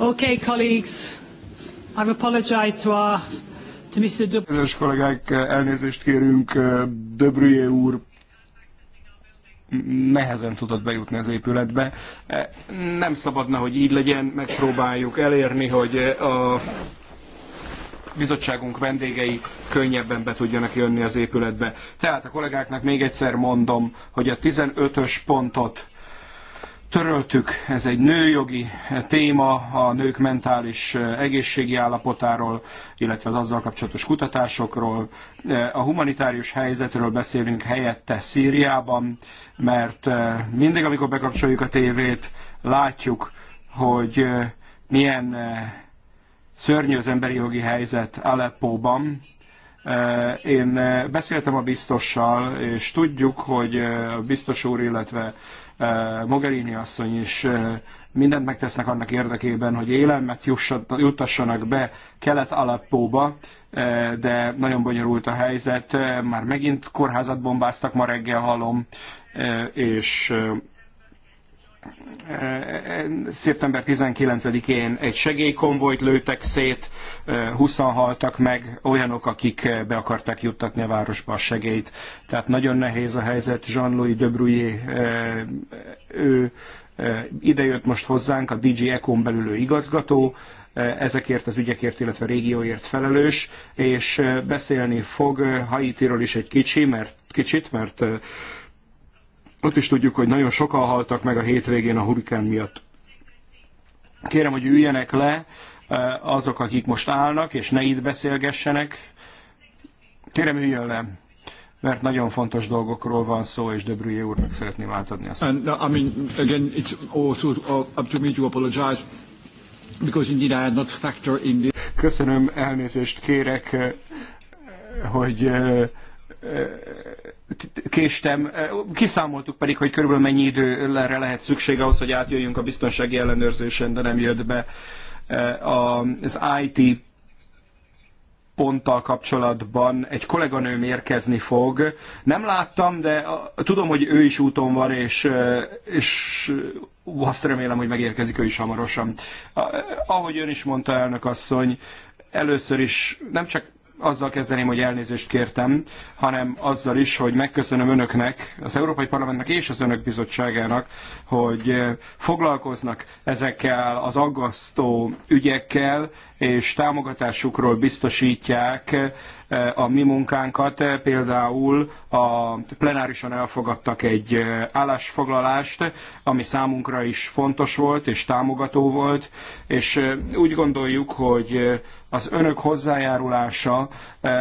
Okay, colleagues, I've apologized to our to Mr. De... Kedves kollégák, elnézést kérünk, De úr nehezen tudott bejutni az épületbe. Nem szabadna, hogy így legyen, megpróbáljuk elérni, hogy a bizottságunk vendégei könnyebben be tudjanak jönni az épületbe. Tehát a kollégáknak még egyszer mondom, hogy a 15-ös pontot töröltük, ez egy nőjogi téma, a nők mentális eh, egészségi állapotáról, illetve az azzal kapcsolatos kutatásokról. Eh, a humanitárius helyzetről beszélünk helyette Szíriában, mert eh, mindig, amikor bekapcsoljuk a tévét, látjuk, hogy milyen szörnyű az emberi jogi helyzet Aleppóban, Eh, én eh, beszéltem a biztossal, és tudjuk, hogy eh, a biztos úr, illetve Mogherini asszony is mindent megtesznek annak érdekében, hogy élelmet juttassanak be Kelet-Alappóba, de nagyon bonyolult a helyzet. Már megint kórházat bombáztak ma reggel, halom, és Eh, szeptember 19-én egy segélykonvojt lőttek szét, 20 eh, haltak meg, olyanok, akik eh, be akarták juttatni a városba a segélyt. Tehát nagyon nehéz a helyzet. Jean-Louis de ő idejött most hozzánk, a DG Econ belül ő igazgató, ezekért az ügyekért, illetve a régióért felelős, és beszélni fog Haitiról is egy kicsi, mert, kicsit, mert ott is tudjuk, hogy nagyon sokan haltak meg a hétvégén a hurikán miatt. Kérem, hogy üljenek le eh, azok, akik most állnak, és ne itt beszélgessenek. Kérem, üljön le mert nagyon fontos dolgokról van szó, és Debrüje úrnak szeretném átadni azt. And, uh, I mean, again, it's also uh, up to me to apologize, because indeed I had not factor in the... Köszönöm, elnézést kérek, eh, hogy uh, késtem. Kiszámoltuk pedig, hogy körülbelül mennyi időre lehet szükség ahhoz, hogy átjöjjünk a biztonsági ellenőrzésen, de nem jött be az IT ponttal kapcsolatban egy kolléganőm érkezni fog. Nem láttam, de tudom, hogy ő is úton van, és, és azt remélem, hogy megérkezik ő is hamarosan. Ahogy ön is mondta, elnök asszony, először is nem csak azzal kezdeném, hogy elnézést kértem, hanem azzal is, hogy megköszönöm önöknek, az Európai Parlamentnek és az önök bizottságának, hogy foglalkoznak ezekkel az aggasztó ügyekkel, és támogatásukról biztosítják eh, a mi munkánkat. Például a plenárisan elfogadtak egy eh, állásfoglalást, ami számunkra is fontos volt és támogató volt, és eh, úgy gondoljuk, hogy az önök hozzájárulása,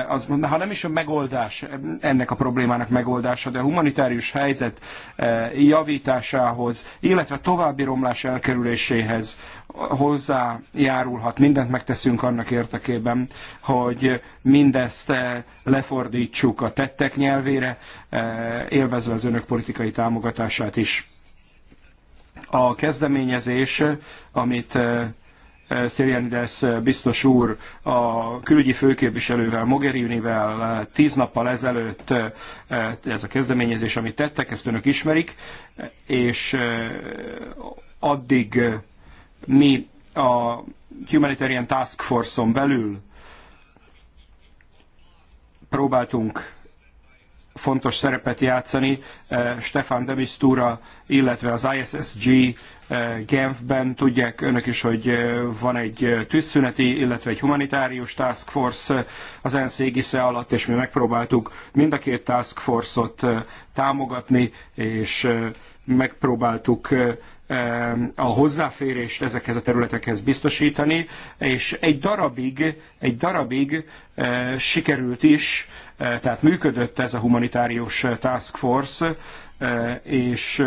az, ha nem is a megoldás, ennek a problémának megoldása, de a humanitárius helyzet javításához, illetve további romlás elkerüléséhez hozzájárulhat, mindent megteszünk annak érdekében, hogy mindezt eh, lefordítsuk a tettek nyelvére, eh, élvezve az önök politikai támogatását is. A kezdeményezés, amit eh, Szirianides biztos úr a külügyi főképviselővel, Mogherinivel tíz nappal ezelőtt ez a kezdeményezés, amit tettek, ezt önök ismerik, és addig mi a Humanitarian Task Force-on belül próbáltunk fontos szerepet játszani. Eh, Stefan de Mistura, illetve az ISSG eh, Genfben tudják önök is, hogy eh, van egy tűzszüneti, illetve egy humanitárius task force az ENSZ égisze alatt, és mi megpróbáltuk mind a két task force-ot támogatni, és megpróbáltuk a hozzáférést ezekhez a területekhez biztosítani, és egy darabig, egy darabig sikerült is, tehát működött ez a humanitárius eh, task force, és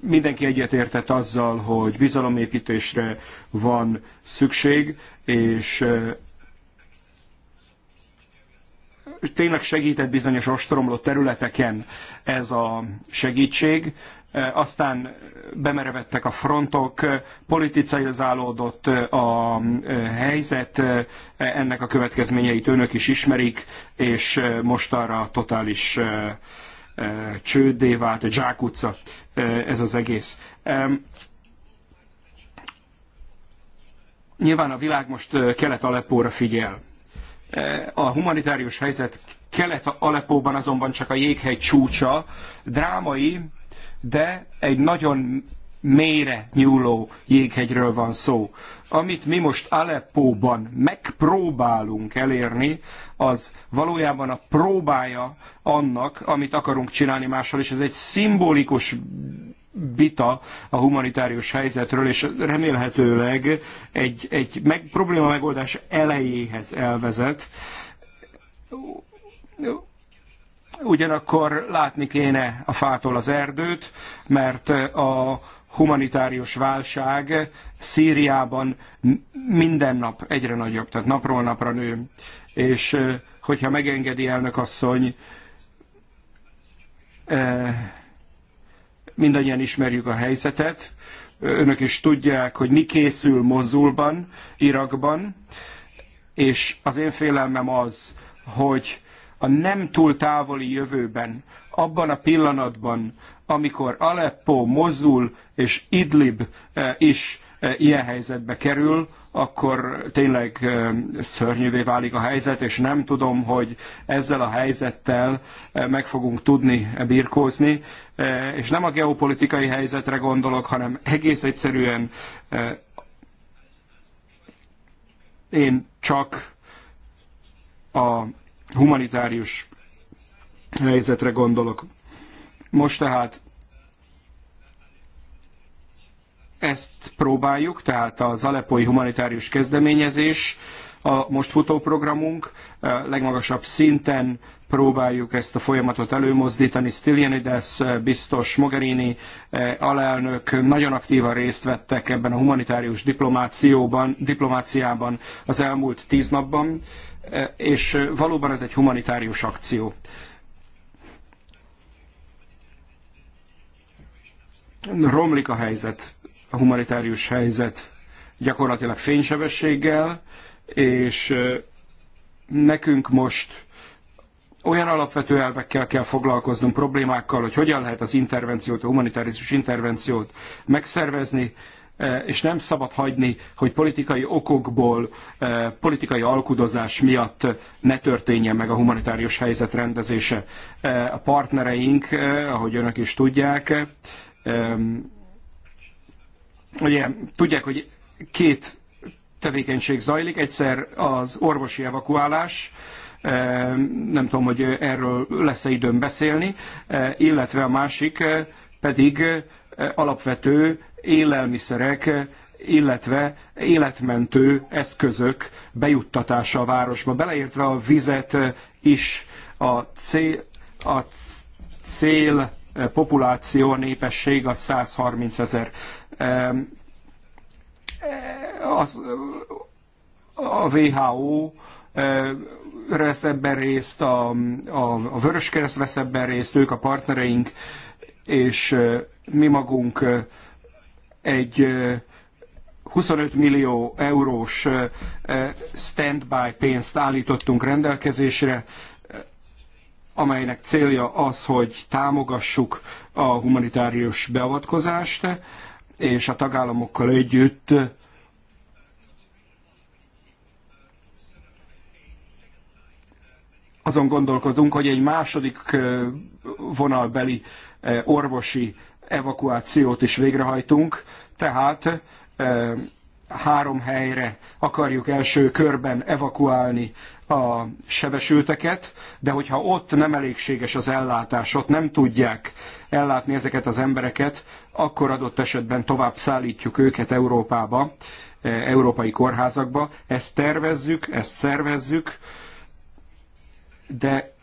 mindenki egyetértett azzal, hogy bizalomépítésre van szükség, és eh, tényleg segített bizonyos ostromló területeken ez a segítség, Eh, aztán bemerevettek a frontok, eh, politicizálódott eh, a helyzet, ennek a következményeit önök is ismerik, és mostanra totális csődé vált, zsákutca ez az egész. Nyilván a világ most Kelet-Aleppóra figyel. A humanitárius helyzet Kelet-Aleppóban azonban csak a jéghegy csúcsa, drámai, de egy nagyon mélyre nyúló jéghegyről van szó. Amit mi most Aleppóban megpróbálunk elérni, az valójában a próbája annak, amit akarunk csinálni mással, és ez egy szimbolikus vita a humanitárius helyzetről, és remélhetőleg egy, egy meg, probléma megoldás elejéhez elvezet Ugyanakkor látni kéne a fától az erdőt, mert a humanitárius válság Szíriában minden nap egyre nagyobb, tehát napról napra nő. És hogyha megengedi elnök asszony, mindannyian ismerjük a helyzetet, önök is tudják, hogy mi készül Mozulban, Irakban, és az én félelmem az, hogy a nem túl távoli jövőben, abban a pillanatban, amikor Aleppo, Mozul és Idlib eh, is eh, ilyen helyzetbe kerül, akkor tényleg eh, szörnyűvé válik a helyzet, és nem tudom, hogy ezzel a helyzettel meg fogunk tudni birkózni. És nem a geopolitikai helyzetre gondolok, hanem egész egyszerűen én csak a humanitárius helyzetre gondolok. Most tehát ezt próbáljuk, tehát az alepói humanitárius kezdeményezés, a most futó programunk, legmagasabb szinten próbáljuk ezt a folyamatot előmozdítani. Stylianides, biztos Mogherini e, alelnök nagyon aktívan részt vettek ebben a humanitárius diplomációban, diplomáciában az elmúlt tíz napban. Eh, és eh, valóban ez egy humanitárius akció. Romlik a helyzet, a humanitárius helyzet gyakorlatilag fénysebességgel, és eh, nekünk most olyan alapvető elvekkel kell foglalkoznunk, problémákkal, hogy hogyan lehet az intervenciót, a humanitárius intervenciót megszervezni, Eh, és nem szabad hagyni, hogy politikai okokból, eh, politikai alkudozás miatt ne történjen meg a humanitárius helyzet rendezése. Eh, a partnereink, ahogy önök is tudják, ugye tudják, hogy két tevékenység zajlik, egyszer az orvosi evakuálás, nem tudom, hogy erről lesz-e időm beszélni, illetve a másik pedig alapvető élelmiszerek, illetve életmentő eszközök bejuttatása a városba, beleértve a vizet is a cél, a cél populáció, a népesség az 130 ezer. Az, a WHO vesz ebben részt, a, a, a Vöröskereszt vesz ebben részt, ők a partnereink, és mi magunk egy 25 millió eurós standby pénzt állítottunk rendelkezésre, amelynek célja az, hogy támogassuk a humanitárius beavatkozást, és a tagállamokkal együtt azon gondolkodunk, hogy egy második vonalbeli orvosi evakuációt is végrehajtunk, tehát három helyre akarjuk első körben evakuálni a sebesülteket, de hogyha ott nem elégséges az ellátás, ott nem tudják ellátni ezeket az embereket, akkor adott esetben tovább szállítjuk őket Európába, európai kórházakba. Ezt tervezzük, ezt szervezzük, de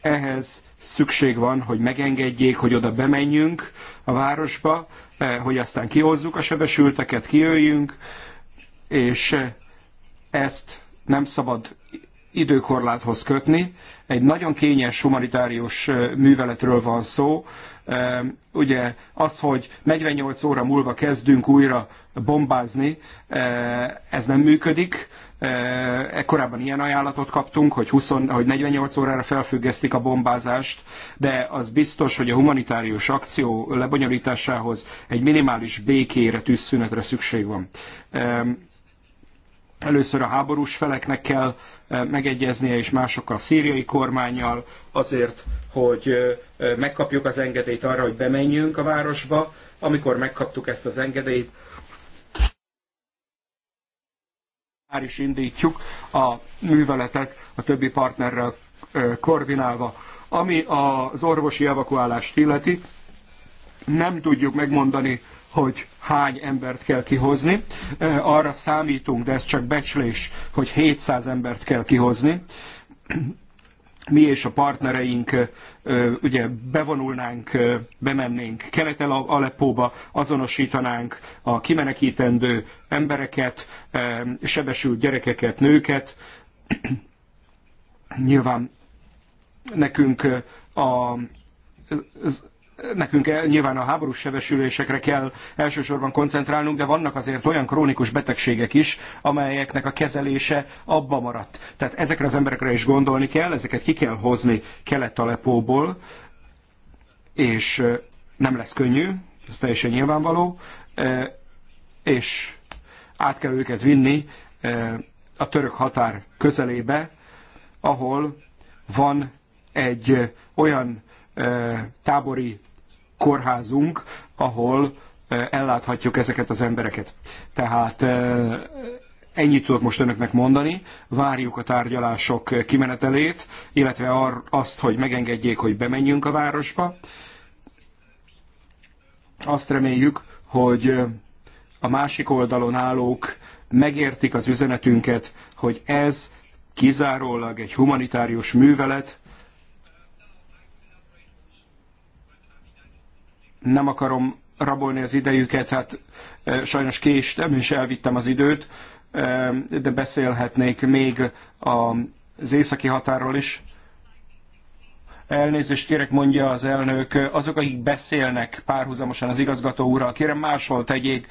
ehhez szükség van, hogy megengedjék, hogy oda bemenjünk a városba, eh, hogy aztán kihozzuk a sebesülteket, kijöjjünk, és eh, ezt nem szabad időkorláthoz kötni. Egy nagyon kényes humanitárius műveletről van szó. Ugye az, hogy 48 óra múlva kezdünk újra bombázni, ez nem működik. E, korábban ilyen ajánlatot kaptunk, hogy, 20, hogy 48 órára felfüggesztik a bombázást, de az biztos, hogy a humanitárius akció lebonyolításához egy minimális békére, tűzszünetre szükség van. Először a háborús feleknek kell eh, megegyeznie, és másokkal a szíriai kormányjal azért, hogy eh, megkapjuk az engedélyt arra, hogy bemenjünk a városba. Amikor megkaptuk ezt az engedélyt, már is indítjuk a műveletet a többi partnerrel eh, koordinálva. Ami az orvosi evakuálást illeti, nem tudjuk megmondani hogy hány embert kell kihozni. Arra számítunk, de ez csak becslés, hogy 700 embert kell kihozni. Mi és a partnereink ugye bevonulnánk, bemennénk Kelet-Aleppóba, azonosítanánk a kimenekítendő embereket, sebesült gyerekeket, nőket. Nyilván nekünk a, az Nekünk nyilván a háborús sebesülésekre kell elsősorban koncentrálnunk, de vannak azért olyan krónikus betegségek is, amelyeknek a kezelése abba maradt. Tehát ezekre az emberekre is gondolni kell, ezeket ki kell hozni Kelet-Alepóból, és nem lesz könnyű, ez teljesen nyilvánvaló, és át kell őket vinni a török határ közelébe, ahol van egy olyan tábori kórházunk, ahol elláthatjuk ezeket az embereket. Tehát ennyit tudok most önöknek mondani. Várjuk a tárgyalások kimenetelét, illetve azt, hogy megengedjék, hogy bemenjünk a városba. Azt reméljük, hogy a másik oldalon állók megértik az üzenetünket, hogy ez kizárólag egy humanitárius művelet, nem akarom rabolni az idejüket, hát sajnos késtem és elvittem az időt, de beszélhetnék még az északi határól is. Elnézést kérek, mondja az elnök, azok, akik beszélnek párhuzamosan az igazgató úrral, kérem máshol tegyék.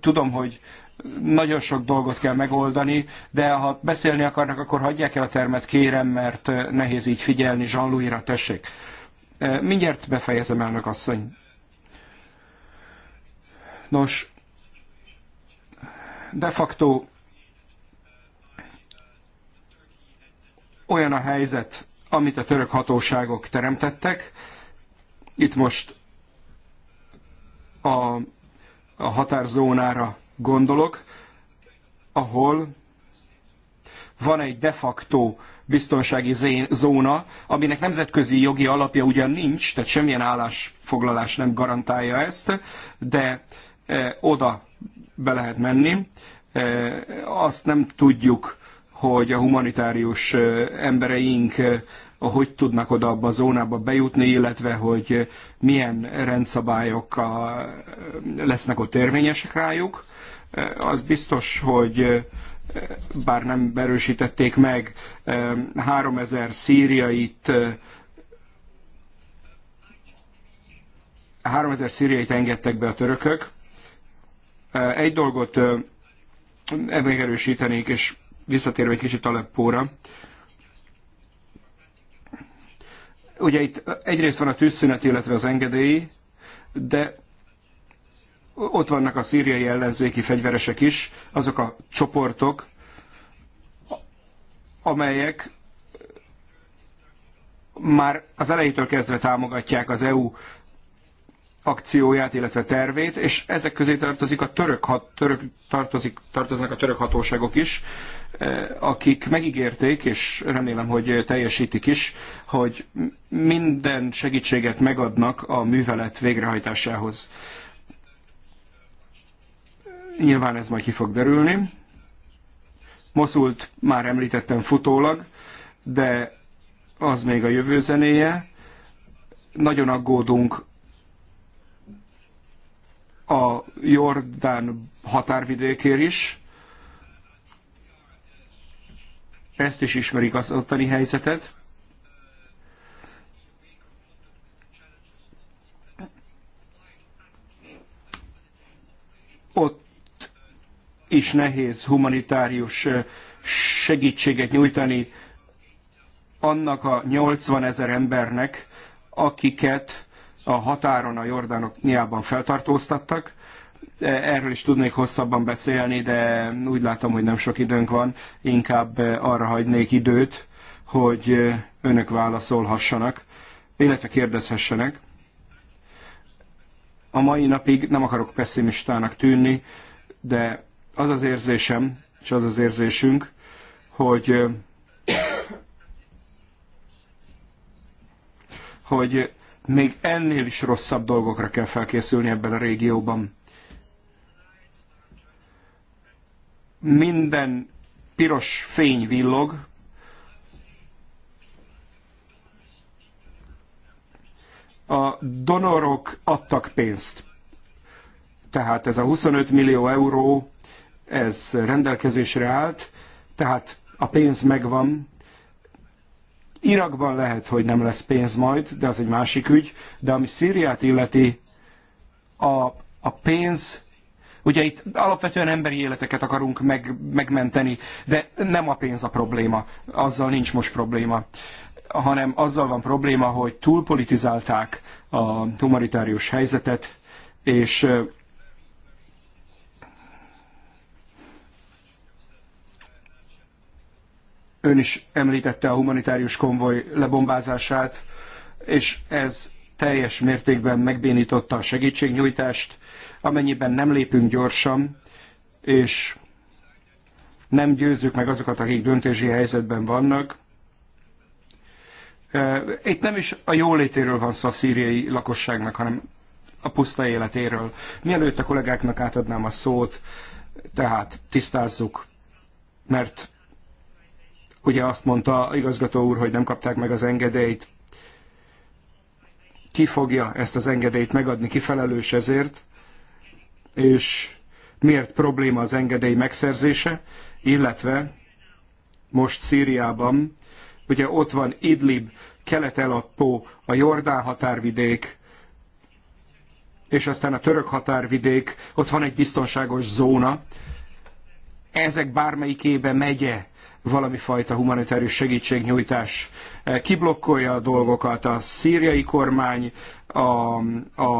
Tudom, hogy nagyon sok dolgot kell megoldani, de ha beszélni akarnak, akkor hagyják el a termet, kérem, mert nehéz így figyelni. Jean-Louis-ra tessék. Mindjárt befejezem, elnök asszony. Nos, de facto olyan a helyzet, amit a török hatóságok teremtettek. Itt most a, a határzónára gondolok, ahol van egy de facto biztonsági zóna, aminek nemzetközi jogi alapja ugyan nincs, tehát semmilyen állásfoglalás nem garantálja ezt, de e, oda be lehet menni. E, azt nem tudjuk, hogy a humanitárius e, embereink hogy tudnak oda abba a zónába bejutni, illetve hogy milyen rendszabályok lesznek ott érvényesek rájuk. Az biztos, hogy bár nem erősítették meg, 3000 szíriait 3000 szíriait engedtek be a törökök. Egy dolgot megerősítenék, és visszatérve egy kicsit Aleppóra. Ugye itt egyrészt van a tűzszünet, illetve az engedély, de ott vannak a szíriai ellenzéki fegyveresek is, azok a csoportok, amelyek már az elejétől kezdve támogatják az EU akcióját, illetve tervét, és ezek közé tartozik a török, török tartozik, tartoznak a török hatóságok is, eh, akik megígérték, és remélem, hogy teljesítik is, hogy minden segítséget megadnak a művelet végrehajtásához. Nyilván ez majd ki fog derülni. Moszult már említettem futólag, de az még a jövő zenéje. Nagyon aggódunk a Jordán határvidékér is. Ezt is ismerik az ottani helyzetet. Ott is nehéz humanitárius segítséget nyújtani annak a 80 ezer embernek, akiket a határon a Jordánok nyilván feltartóztattak. Erről is tudnék hosszabban beszélni, de úgy látom, hogy nem sok időnk van. Inkább arra hagynék időt, hogy önök válaszolhassanak, illetve kérdezhessenek. A mai napig nem akarok pessimistának tűnni, de az az érzésem, és az az érzésünk, hogy hogy még ennél is rosszabb dolgokra kell felkészülni ebben a régióban. Minden piros fény villog, a donorok adtak pénzt. Tehát ez a 25 millió euró ez rendelkezésre állt, tehát a pénz megvan. Irakban lehet, hogy nem lesz pénz majd, de az egy másik ügy, de ami Szíriát illeti, a, a pénz Ugye itt alapvetően emberi életeket akarunk meg, megmenteni, de nem a pénz a probléma, azzal nincs most probléma, hanem azzal van probléma, hogy túlpolitizálták a humanitárius helyzetet, és Ön is említette a humanitárius konvoj lebombázását, és ez teljes mértékben megbénította a segítségnyújtást, amennyiben nem lépünk gyorsan, és nem győzzük meg azokat, akik döntési helyzetben vannak. Eh, itt nem is a jólétéről van szó a szíriai lakosságnak, hanem a puszta életéről. Mielőtt a kollégáknak átadnám a szót, tehát tisztázzuk, mert Ugye azt mondta igazgató úr, hogy nem kapták meg az engedélyt. Ki fogja ezt az engedélyt megadni, ki felelős ezért, és miért probléma az engedély megszerzése, illetve most Szíriában, ugye ott van Idlib, Kelet-Elappó, a Jordán határvidék, és aztán a török határvidék, ott van egy biztonságos zóna, ezek bármelyikébe megye valami fajta humanitárius segítségnyújtás eh, kiblokkolja a dolgokat, a szíriai kormány, a, a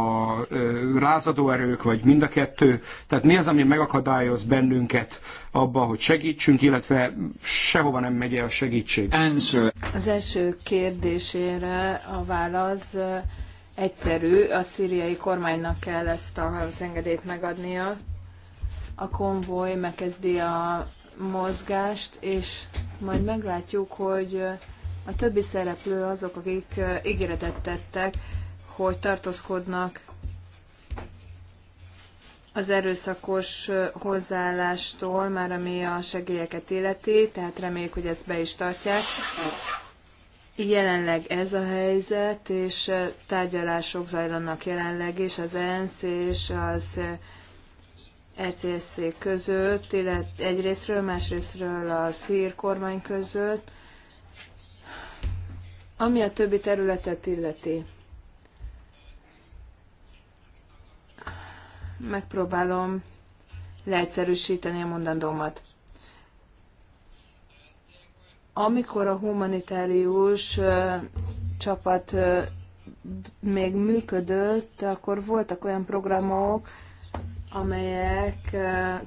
lázadó eh, erők, vagy mind a kettő. Tehát mi az, ami megakadályoz bennünket abba, hogy segítsünk, illetve sehova nem megy el segítség? Answer. Az első kérdésére a válasz eh, egyszerű. A szíriai kormánynak kell ezt az engedélyt megadnia. A konvoj megkezdi a mozgást, és majd meglátjuk, hogy a többi szereplő azok, akik ígéretet tettek, hogy tartózkodnak az erőszakos hozzáállástól, már ami a segélyeket illeti, tehát reméljük, hogy ezt be is tartják. Jelenleg ez a helyzet, és tárgyalások zajlanak jelenleg is az ENSZ és az ECSZ között, illetve egyrésztről, másrésztről a szír kormány között, ami a többi területet illeti. Megpróbálom leegyszerűsíteni a mondandómat. Amikor a humanitárius csapat még működött, akkor voltak olyan programok, amelyek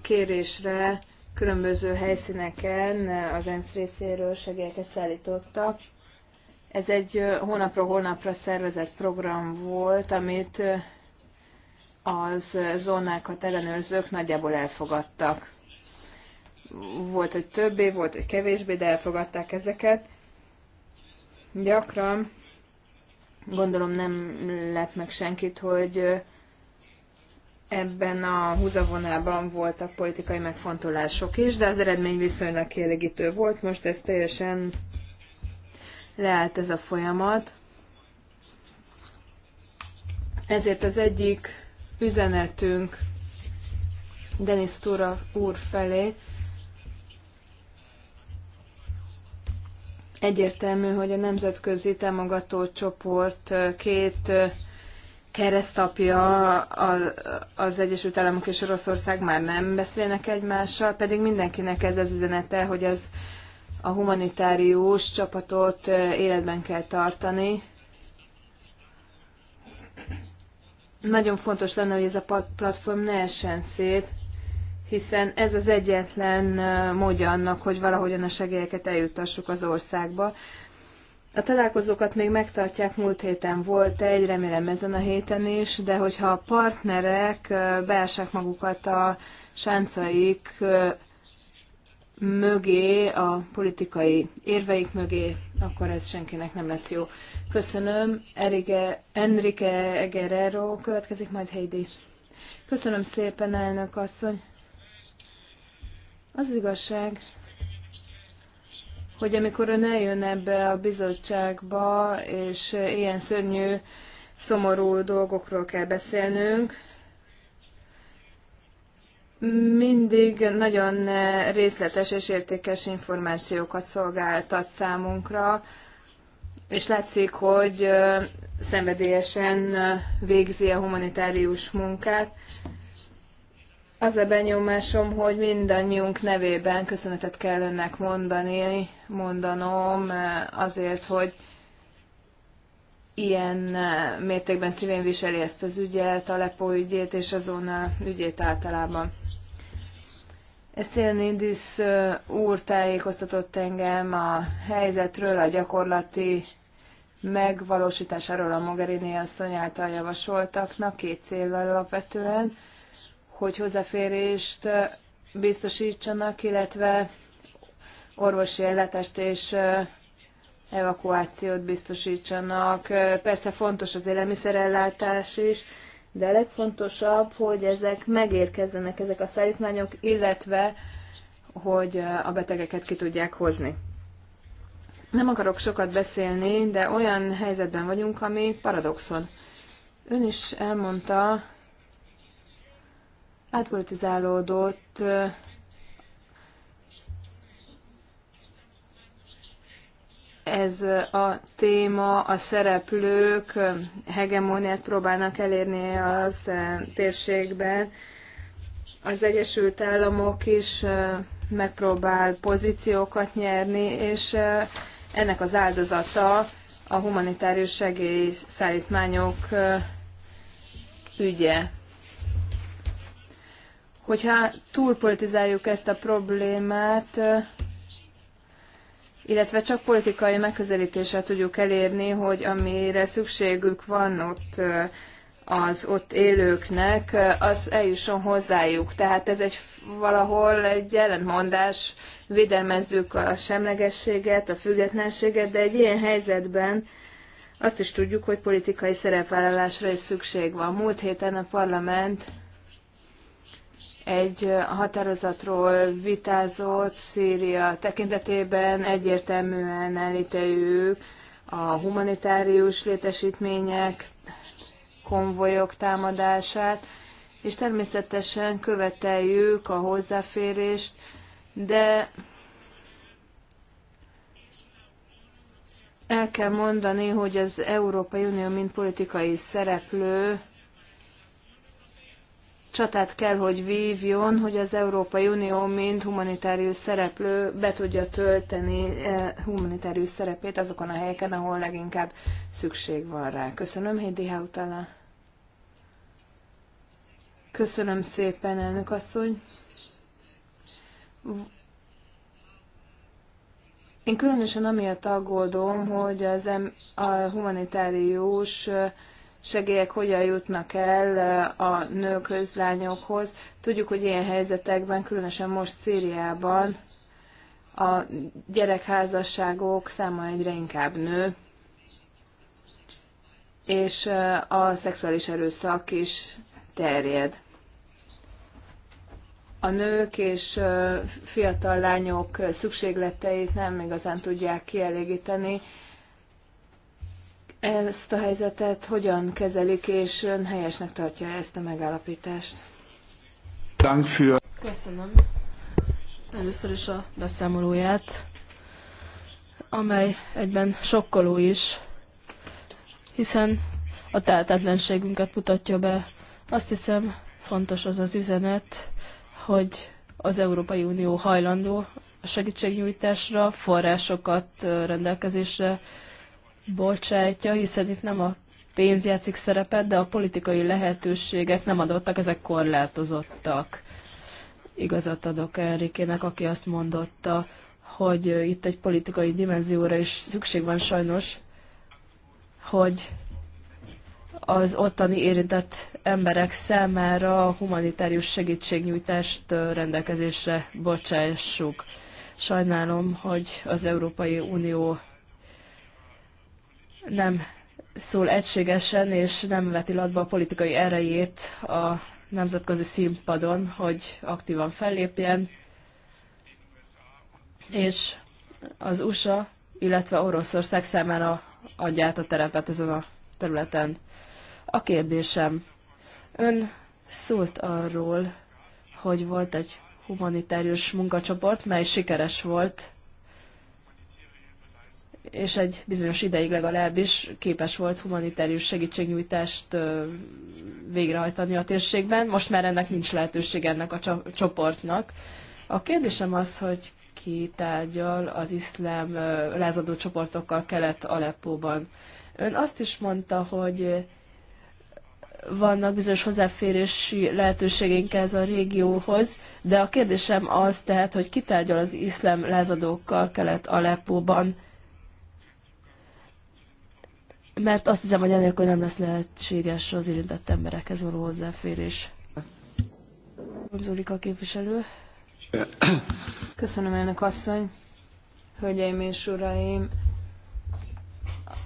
kérésre különböző helyszíneken az ENSZ részéről segélyeket szállítottak. Ez egy hónapról hónapra szervezett program volt, amit az zónákat ellenőrzők nagyjából elfogadtak. Volt, hogy többé, volt, hogy kevésbé, de elfogadták ezeket. Gyakran, gondolom nem lep meg senkit, hogy Ebben a húzavonában voltak politikai megfontolások is, de az eredmény viszonylag kielégítő volt. Most ez teljesen leállt ez a folyamat. Ezért az egyik üzenetünk Denis Tura úr felé egyértelmű, hogy a nemzetközi támogató csoport két keresztapja az Egyesült Államok és Oroszország már nem beszélnek egymással, pedig mindenkinek ez az üzenete, hogy az a humanitárius csapatot életben kell tartani. Nagyon fontos lenne, hogy ez a platform ne essen szét, hiszen ez az egyetlen módja annak, hogy valahogyan a segélyeket eljutassuk az országba. A találkozókat még megtartják, múlt héten volt egy, remélem ezen a héten is, de hogyha a partnerek beássák magukat a sáncaik mögé, a politikai érveik mögé, akkor ez senkinek nem lesz jó. Köszönöm. Erige, Enrique Egerero, következik, majd Heidi. Köszönöm szépen, elnök asszony. Az igazság, hogy amikor ön eljön ebbe a bizottságba, és ilyen szörnyű, szomorú dolgokról kell beszélnünk, mindig nagyon részletes és értékes információkat szolgáltat számunkra, és látszik, hogy szenvedélyesen végzi a humanitárius munkát. Az a benyomásom, hogy mindannyiunk nevében köszönetet kell önnek mondani, mondanom eh, azért, hogy ilyen eh, mértékben szívén viseli ezt az ügyet, a lepó ügyét és azon a eh, ügyét általában. Eszélni Indis úr tájékoztatott engem a helyzetről, a gyakorlati megvalósításáról a Mogherini asszony által javasoltaknak, két célral alapvetően hogy hozzáférést biztosítsanak, illetve orvosi ellátást és evakuációt biztosítsanak. Persze fontos az élelmiszerellátás is, de a legfontosabb, hogy ezek megérkezzenek, ezek a szállítmányok, illetve hogy a betegeket ki tudják hozni. Nem akarok sokat beszélni, de olyan helyzetben vagyunk, ami paradoxon. Ön is elmondta, átpolitizálódott ez a téma, a szereplők hegemóniát próbálnak elérni az térségben. Az Egyesült Államok is megpróbál pozíciókat nyerni, és ennek az áldozata a humanitárius segélyszállítmányok ügye hogyha túlpolitizáljuk ezt a problémát, illetve csak politikai megközelítéssel tudjuk elérni, hogy amire szükségük van ott az ott élőknek, az eljusson hozzájuk. Tehát ez egy valahol egy ellentmondás, védelmezzük a semlegességet, a függetlenséget, de egy ilyen helyzetben azt is tudjuk, hogy politikai szerepvállalásra is szükség van. Múlt héten a parlament egy határozatról vitázott Szíria tekintetében egyértelműen elítéljük a humanitárius létesítmények, konvojok támadását, és természetesen követeljük a hozzáférést, de el kell mondani, hogy az Európai Unió mint politikai szereplő csatát kell, hogy vívjon, hogy az Európai Unió, mint humanitárius szereplő be tudja tölteni eh, humanitárius szerepét azokon a helyeken, ahol leginkább szükség van rá. Köszönöm, Hédi Hautala. Köszönöm szépen, elnök asszony. Én különösen amiatt aggódom, hogy az em- a humanitárius eh, segélyek hogyan jutnak el eh, a nőkhöz, lányokhoz. Tudjuk, hogy ilyen helyzetekben, különösen most Szíriában a gyerekházasságok száma egyre inkább nő, és eh, a szexuális erőszak is terjed. A nők és eh, fiatal lányok szükségleteit nem igazán tudják kielégíteni, ezt a helyzetet hogyan kezelik, és ön helyesnek tartja ezt a megállapítást? Köszönöm. Először is a beszámolóját, amely egyben sokkoló is, hiszen a tehetetlenségünket mutatja be. Azt hiszem, fontos az az üzenet, hogy az Európai Unió hajlandó a segítségnyújtásra, forrásokat rendelkezésre bocsátja, hiszen itt nem a pénz játszik szerepet, de a politikai lehetőségek nem adottak, ezek korlátozottak. Igazat adok Enrikének, aki azt mondotta, hogy itt egy politikai dimenzióra is szükség van sajnos, hogy az ottani érintett emberek számára a humanitárius segítségnyújtást rendelkezésre bocsássuk. Sajnálom, hogy az Európai Unió nem szól egységesen, és nem veti latba a politikai erejét a nemzetközi színpadon, hogy aktívan fellépjen, és az USA, illetve Oroszország számára adja át a terepet ezen a területen. A kérdésem, ön szólt arról, hogy volt egy humanitárius munkacsoport, mely sikeres volt, és egy bizonyos ideig legalábbis képes volt humanitárius segítségnyújtást végrehajtani a térségben. Most már ennek nincs lehetőség ennek a csoportnak. A kérdésem az, hogy ki tárgyal az iszlám lázadó csoportokkal Kelet-Aleppóban. Ön azt is mondta, hogy vannak bizonyos hozzáférési lehetőségeink ez a régióhoz, de a kérdésem az tehát, hogy tárgyal az iszlám lázadókkal Kelet-Aleppóban, mert azt hiszem, hogy anélkül nem lesz lehetséges az érintett emberekhez való hozzáférés. Zulika képviselő. Köszönöm elnök asszony, hölgyeim és uraim.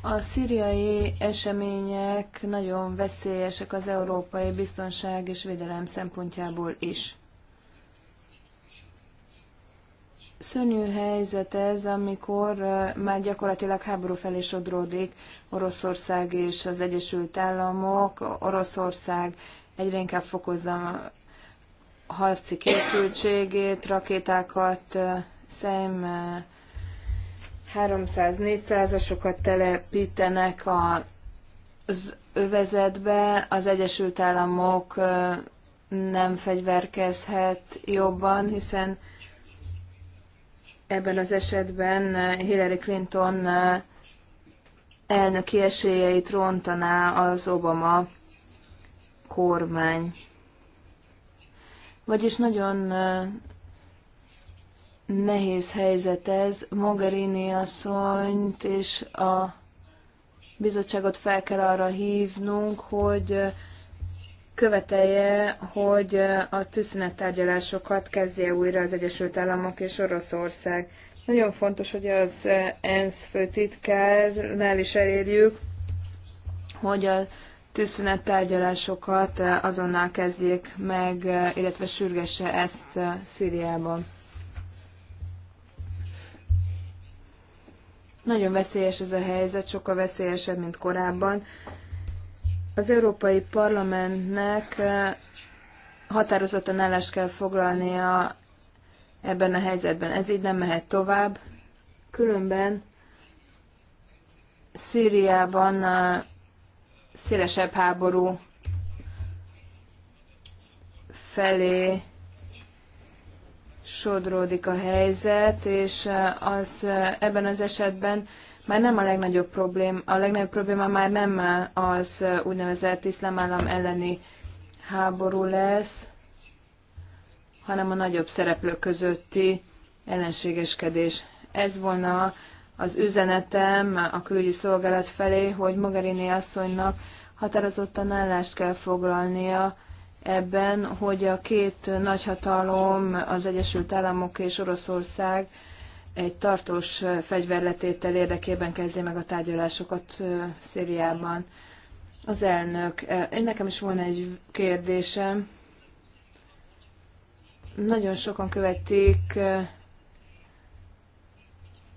A szíriai események nagyon veszélyesek az európai biztonság és védelem szempontjából is. Szörnyű helyzet ez, amikor már gyakorlatilag háború felé sodródik Oroszország és az Egyesült Államok. Oroszország egyre inkább fokozza a harci készültségét, rakétákat szem 300-400-asokat telepítenek az övezetbe, az Egyesült Államok nem fegyverkezhet jobban, hiszen ebben az esetben eh, Hillary Clinton eh, elnöki esélyeit rontaná az Obama kormány. Vagyis nagyon eh, nehéz helyzet ez. Mogherini asszonyt és a bizottságot fel kell arra hívnunk, hogy követelje, hogy a tűzszünet tárgyalásokat kezdje újra az Egyesült Államok és Oroszország. Nagyon fontos, hogy az ENSZ főtitkárnál is elérjük, hogy a tűzszünet tárgyalásokat azonnal kezdjék meg, illetve sürgesse ezt Szíriában. Nagyon veszélyes ez a helyzet, sokkal veszélyesebb, mint korábban. Az Európai Parlamentnek eh, határozottan állás kell foglalnia ebben a helyzetben. Ez így nem mehet tovább. Különben Szíriában eh, szélesebb háború felé sodródik a helyzet, és eh, az ebben az esetben már nem a legnagyobb probléma, a legnagyobb probléma már nem az úgynevezett iszlám állam elleni háború lesz, hanem a nagyobb szereplők közötti ellenségeskedés. Ez volna az üzenetem a külügyi szolgálat felé, hogy Mogherini asszonynak határozottan állást kell foglalnia ebben, hogy a két nagyhatalom, az Egyesült Államok és Oroszország egy tartós fegyverletétel érdekében kezdje meg a tárgyalásokat Szíriában. Az elnök, én nekem is volna egy kérdésem. Nagyon sokan követik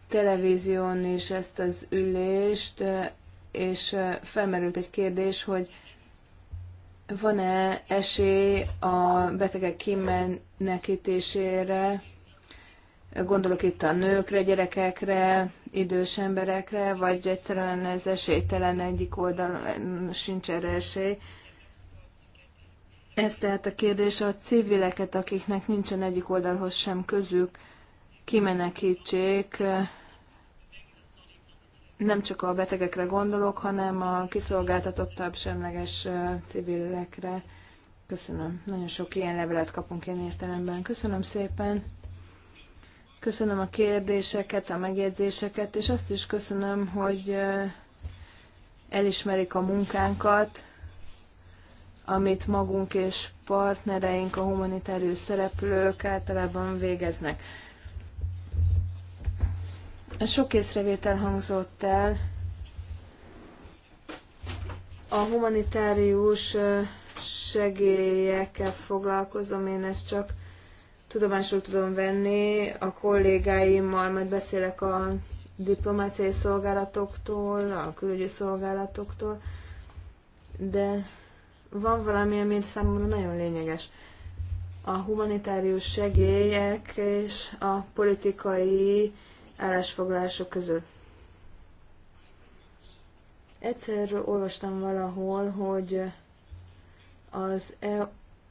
televízión is ezt az ülést, és felmerült egy kérdés, hogy van-e esély a betegek kimenekítésére, Gondolok itt a nőkre, gyerekekre, idős emberekre, vagy egyszerűen ez esélytelen egyik oldalon sincs erre esély. Ez tehát a kérdés a civileket, akiknek nincsen egyik oldalhoz sem közük, kimenekítsék. Nem csak a betegekre gondolok, hanem a kiszolgáltatottabb semleges civilekre. Köszönöm. Nagyon sok ilyen levelet kapunk ilyen értelemben. Köszönöm szépen. Köszönöm a kérdéseket, a megjegyzéseket, és azt is köszönöm, hogy elismerik a munkánkat, amit magunk és partnereink, a humanitárius szereplők általában végeznek. Sok észrevétel hangzott el. A humanitárius segélyekkel foglalkozom, én ezt csak tudomásul tudom venni, a kollégáimmal majd beszélek a diplomáciai szolgálatoktól, a külügyi szolgálatoktól, de van valami, ami számomra nagyon lényeges. A humanitárius segélyek és a politikai állásfoglalások között. Egyszer olvastam valahol, hogy az EU,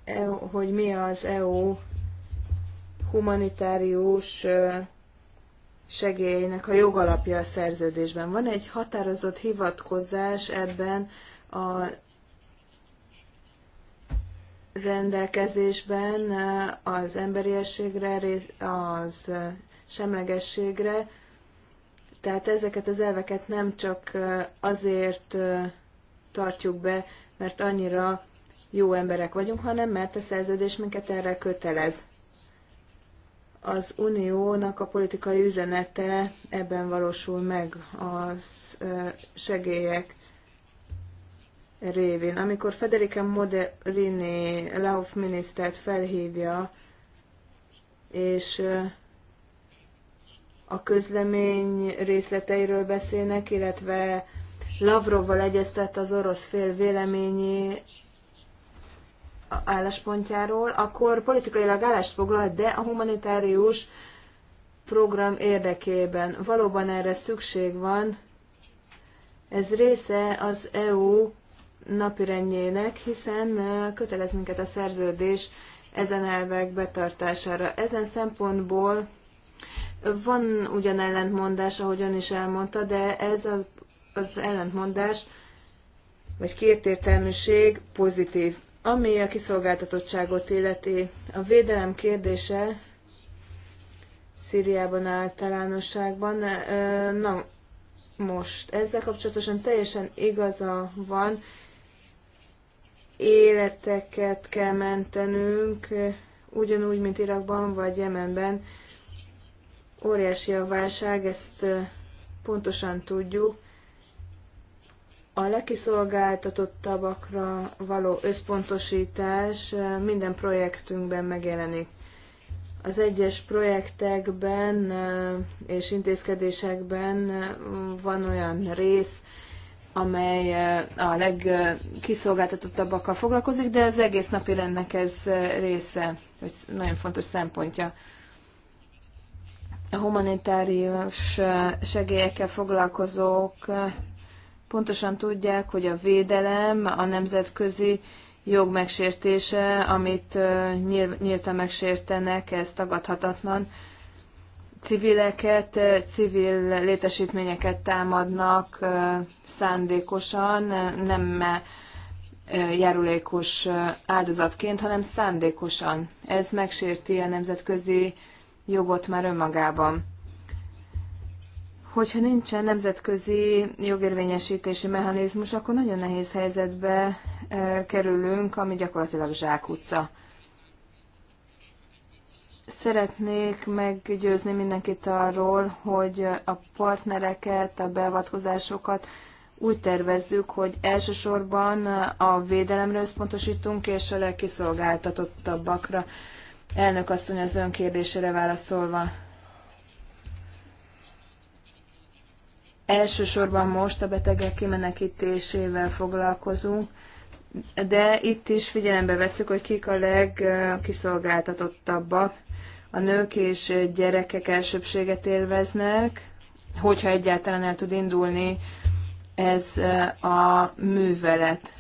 EU, hogy mi az EU humanitárius segélynek a jogalapja a szerződésben. Van egy határozott hivatkozás ebben a rendelkezésben az emberiességre, az semlegességre, tehát ezeket az elveket nem csak azért tartjuk be, mert annyira jó emberek vagyunk, hanem mert a szerződés minket erre kötelez az uniónak a politikai üzenete ebben valósul meg az segélyek révén. Amikor Federica Moderini Lauf minisztert felhívja, és a közlemény részleteiről beszélnek, illetve Lavrovval egyeztet az orosz fél véleményéről, álláspontjáról, akkor politikailag állást foglal, de a humanitárius program érdekében. Valóban erre szükség van. Ez része az EU napirendjének, hiszen kötelez minket a szerződés ezen elvek betartására. Ezen szempontból van ugyan ellentmondás, ahogy ön is elmondta, de ez az ellentmondás, vagy kétértelműség pozitív. Ami a kiszolgáltatottságot illeti, a védelem kérdése Szíriában általánosságban, na most ezzel kapcsolatosan teljesen igaza van, életeket kell mentenünk, ugyanúgy, mint Irakban vagy Jemenben. Óriási a válság, ezt pontosan tudjuk a legkiszolgáltatottabbakra való összpontosítás eh, minden projektünkben megjelenik. Az egyes projektekben eh, és intézkedésekben eh, van olyan rész, amely a legkiszolgáltatottabbakkal foglalkozik, de az egész napi rendnek ez része, vagy nagyon fontos szempontja. A humanitárius segélyekkel foglalkozók pontosan tudják, hogy a védelem, a nemzetközi jog megsértése, amit nyíltan megsértenek, ez tagadhatatlan. Civileket, civil létesítményeket támadnak szándékosan, nem járulékos áldozatként, hanem szándékosan. Ez megsérti a nemzetközi jogot már önmagában hogyha nincsen nemzetközi jogérvényesítési mechanizmus, akkor nagyon nehéz helyzetbe e, kerülünk, ami gyakorlatilag zsákutca. Szeretnék meggyőzni mindenkit arról, hogy a partnereket, a beavatkozásokat úgy tervezzük, hogy elsősorban a védelemre összpontosítunk, és a legkiszolgáltatottabbakra. Elnök asszony az ön kérdésére válaszolva. Elsősorban most a betegek kimenekítésével foglalkozunk, de itt is figyelembe veszük, hogy kik a legkiszolgáltatottabbak. A nők és gyerekek elsőbséget élveznek, hogyha egyáltalán el tud indulni ez a művelet.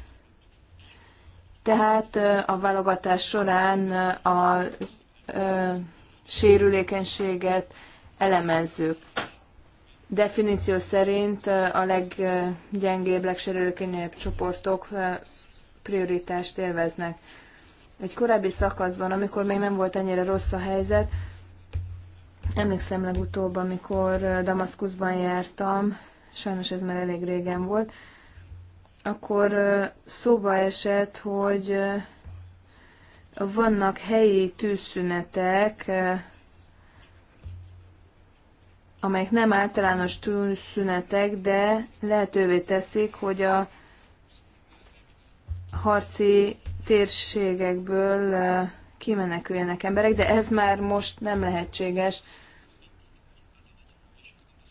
Tehát a válogatás során a sérülékenységet elemezzük definíció szerint a leggyengébb, legsérülékenyebb csoportok prioritást élveznek. Egy korábbi szakaszban, amikor még nem volt ennyire rossz a helyzet, emlékszem legutóbb, amikor Damaszkuszban jártam, sajnos ez már elég régen volt, akkor szóba esett, hogy vannak helyi tűzszünetek, amelyek nem általános tűnszünetek, de lehetővé teszik, hogy a harci térségekből eh, kimeneküljenek emberek, de ez már most nem lehetséges.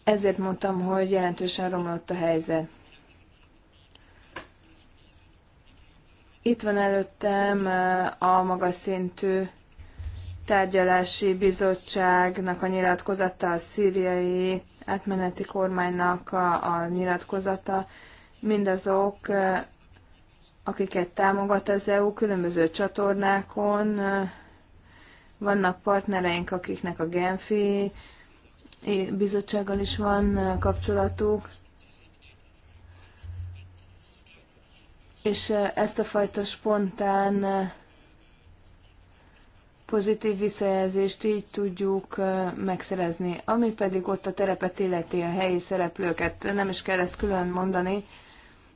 Ezért mondtam, hogy jelentősen romlott a helyzet. Itt van előttem eh, a magas szintű tárgyalási bizottságnak a nyilatkozata, a szíriai átmeneti kormánynak a, a nyilatkozata, mindazok, akiket támogat az EU különböző csatornákon, vannak partnereink, akiknek a Genfi bizottsággal is van kapcsolatuk, és ezt a fajta spontán pozitív visszajelzést így tudjuk megszerezni. Ami pedig ott a terepet illeti a helyi szereplőket, nem is kell ezt külön mondani,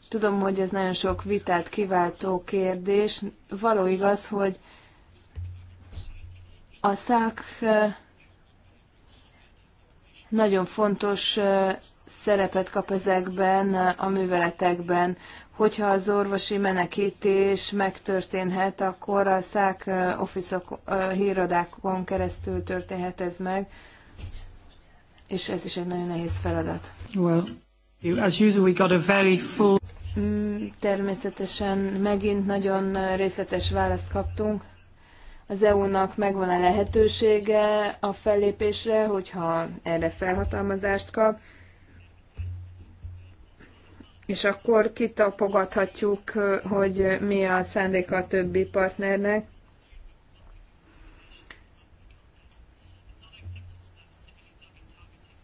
Tudom, hogy ez nagyon sok vitát kiváltó kérdés. Való igaz, hogy a szák nagyon fontos szerepet kap ezekben a műveletekben hogyha az orvosi menekítés megtörténhet, akkor a szák officeok, híradákon keresztül történhet ez meg, és ez is egy nagyon nehéz feladat. Well, as usual we got a very full... Mm, természetesen megint nagyon részletes választ kaptunk. Az EU-nak megvan a lehetősége a fellépésre, hogyha erre felhatalmazást kap és akkor kitapogathatjuk, hogy mi a szándéka a többi partnernek.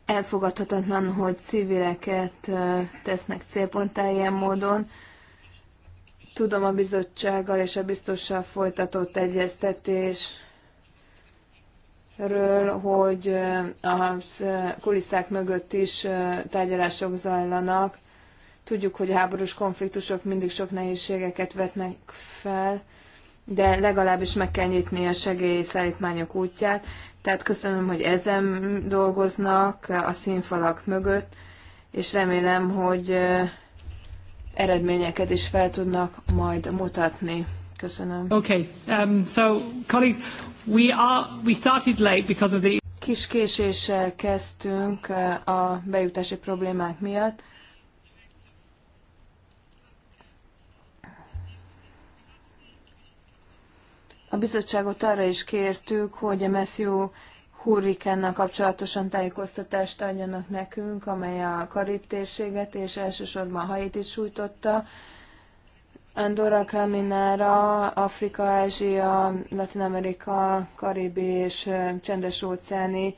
Elfogadhatatlan, hogy civileket tesznek célponttá ilyen módon. Tudom a bizottsággal és a biztossal folytatott egyeztetés ről, hogy a kulisszák mögött is tárgyalások zajlanak, Tudjuk, hogy háborús konfliktusok mindig sok nehézségeket vetnek fel, de legalábbis meg kell nyitni a segélyszállítmányok útját. Tehát köszönöm, hogy ezen dolgoznak a színfalak mögött, és remélem, hogy eredményeket is fel tudnak majd mutatni. Köszönöm. Okay, um, so colleagues, we are we started late because of the kis késéssel kezdtünk a bejutási problémák miatt. A bizottságot arra is kértük, hogy a Messzió hurrikánnal kapcsolatosan tájékoztatást adjanak nekünk, amely a Karib térséget és elsősorban Haiti sújtotta. Andorra, Kraminára, Afrika, Ázsia, Latin Amerika, Karibi és csendes óceáni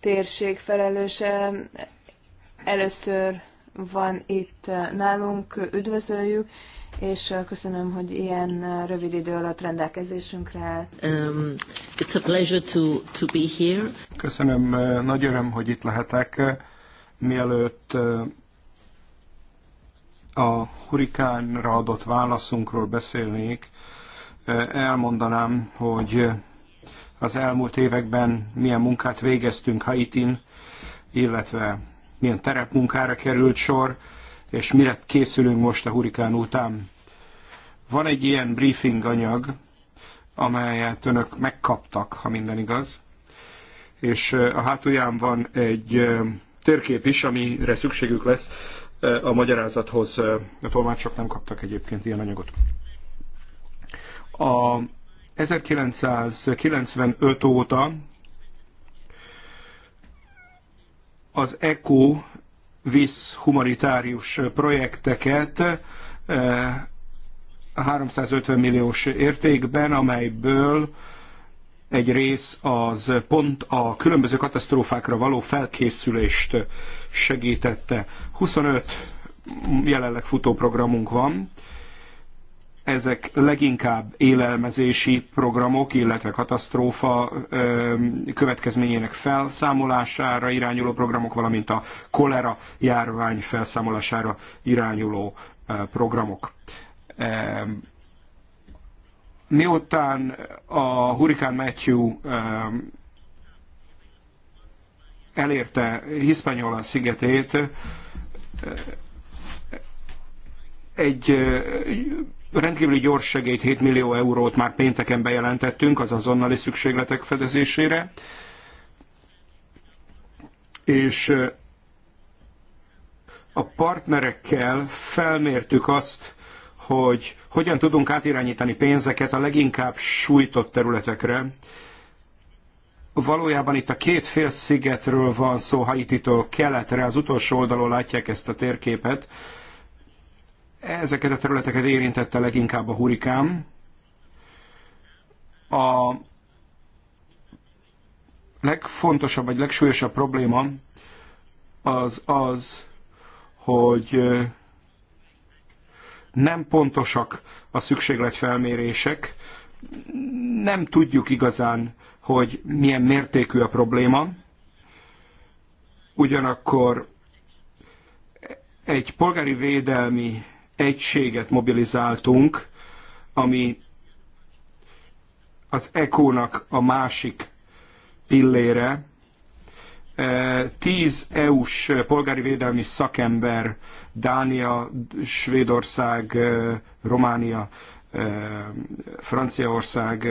térség felelőse. Először van itt nálunk, üdvözöljük, és köszönöm, hogy ilyen rövid idő alatt rendelkezésünkre állt. Um, it's a pleasure to, to be here. Köszönöm, nagy öröm, hogy itt lehetek. Mielőtt a hurikánra adott válaszunkról beszélnék, elmondanám, hogy az elmúlt években milyen munkát végeztünk Haitin, illetve milyen terepmunkára került sor és mire készülünk most a hurikán után. Van egy ilyen briefing anyag, amelyet önök megkaptak, ha minden igaz, és a hátulján van egy térkép is, amire szükségük lesz a magyarázathoz. A tolmácsok nem kaptak egyébként ilyen anyagot. A 1995 óta az ECO visz humanitárius projekteket 350 eh, milliós értékben, amelyből egy rész az pont a különböző katasztrófákra való felkészülést segítette. 25 jelenleg futó programunk van, ezek leginkább élelmezési programok, illetve katasztrófa következményének felszámolására irányuló programok, valamint a kolera járvány felszámolására irányuló programok. Miután a hurikán Matthew elérte Hispaniola szigetét, egy Rendkívüli gyors segélyt 7 millió eurót már pénteken bejelentettünk az azonnali szükségletek fedezésére, és a partnerekkel felmértük azt, hogy hogyan tudunk átirányítani pénzeket a leginkább sújtott területekre. Valójában itt a két fél szigetről van szó, Haititől keletre, az utolsó oldalon látják ezt a térképet. Ezeket a területeket érintette leginkább a hurikán. A legfontosabb vagy legsúlyosabb probléma az az, hogy nem pontosak a szükségletfelmérések, nem tudjuk igazán, hogy milyen mértékű a probléma, ugyanakkor egy polgári védelmi egységet mobilizáltunk, ami az ECO-nak a másik pillére. E, tíz EU-s polgári védelmi szakember, Dánia, Svédország, e, Románia, e, Franciaország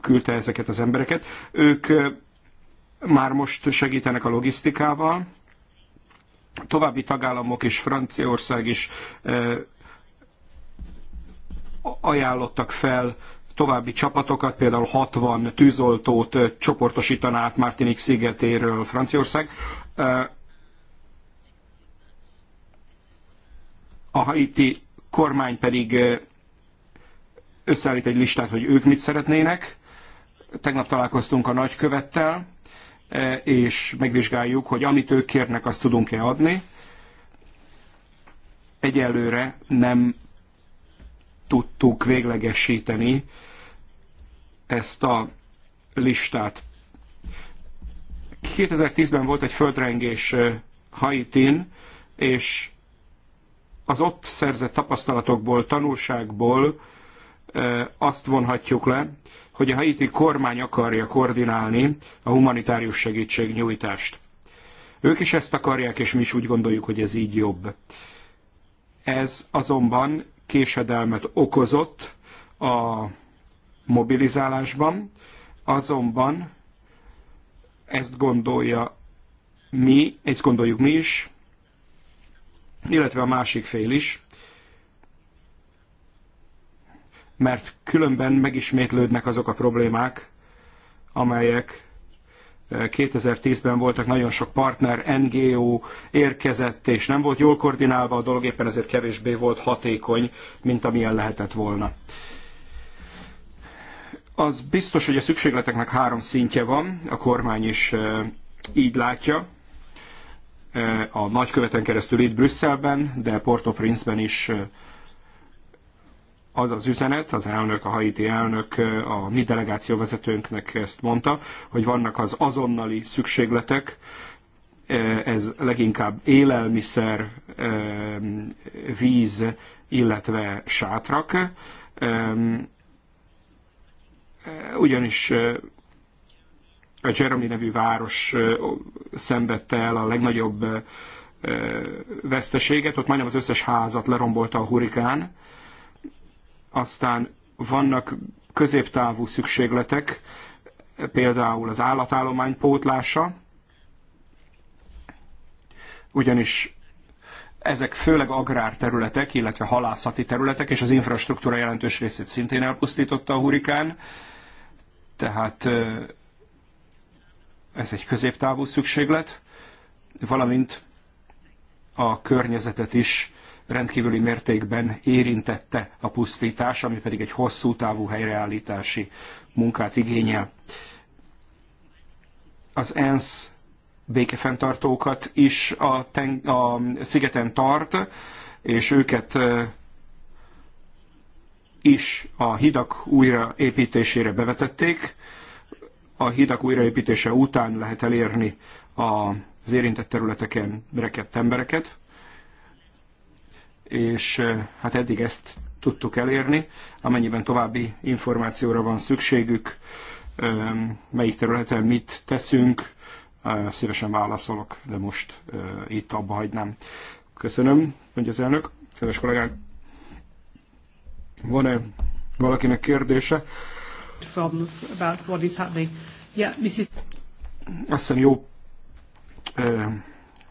küldte ezeket az embereket. Ők már most segítenek a logisztikával, további tagállamok és Franciaország is ajánlottak fel további csapatokat, például 60 tűzoltót csoportosítaná át Martinik szigetéről Franciaország. A haiti kormány pedig összeállít egy listát, hogy ők mit szeretnének. Tegnap találkoztunk a nagykövettel, Eh, és megvizsgáljuk, hogy amit ők kérnek, azt tudunk-e adni. Egyelőre nem tudtuk véglegesíteni ezt a listát. 2010-ben volt egy földrengés eh, Haitin, és az ott szerzett tapasztalatokból, tanulságból eh, azt vonhatjuk le, hogy a haiti kormány akarja koordinálni a humanitárius segítségnyújtást. Ők is ezt akarják, és mi is úgy gondoljuk, hogy ez így jobb. Ez azonban késedelmet okozott a mobilizálásban, azonban ezt gondolja mi, ezt gondoljuk mi is, illetve a másik fél is, mert különben megismétlődnek azok a problémák, amelyek 2010-ben eh, voltak nagyon sok partner, NGO érkezett, és nem volt jól koordinálva a dolog, éppen ezért kevésbé volt hatékony, mint amilyen lehetett volna. Az biztos, hogy a szükségleteknek három szintje van, a kormány is eh, így látja, eh, a nagyköveten keresztül itt Brüsszelben, de au Prince-ben is az az üzenet, az elnök, a haiti elnök, a mi delegációvezetőnknek ezt mondta, hogy vannak az azonnali szükségletek, ez leginkább élelmiszer, víz, illetve sátrak, ugyanis a Jeremy nevű város szenvedte el a legnagyobb veszteséget, ott majdnem az összes házat lerombolta a hurikán, aztán vannak középtávú szükségletek, például az állatállomány pótlása, ugyanis ezek főleg agrárterületek, illetve halászati területek, és az infrastruktúra jelentős részét szintén elpusztította a hurikán. Tehát ez egy középtávú szükséglet, valamint a környezetet is rendkívüli mértékben érintette a pusztítás, ami pedig egy hosszú távú helyreállítási munkát igényel. Az ENSZ békefenntartókat is a, ten, a szigeten tart, és őket is a hidak újraépítésére bevetették. A hidak újraépítése után lehet elérni az érintett területeken rekedt embereket és hát eddig ezt tudtuk elérni. Amennyiben további információra van szükségük, melyik területen mit teszünk, szívesen válaszolok, de most itt abba hagynám. Köszönöm, mondja az elnök. Kedves kollégák, van-e valakinek kérdése? From about what is happening. Yeah, is Azt hiszem jó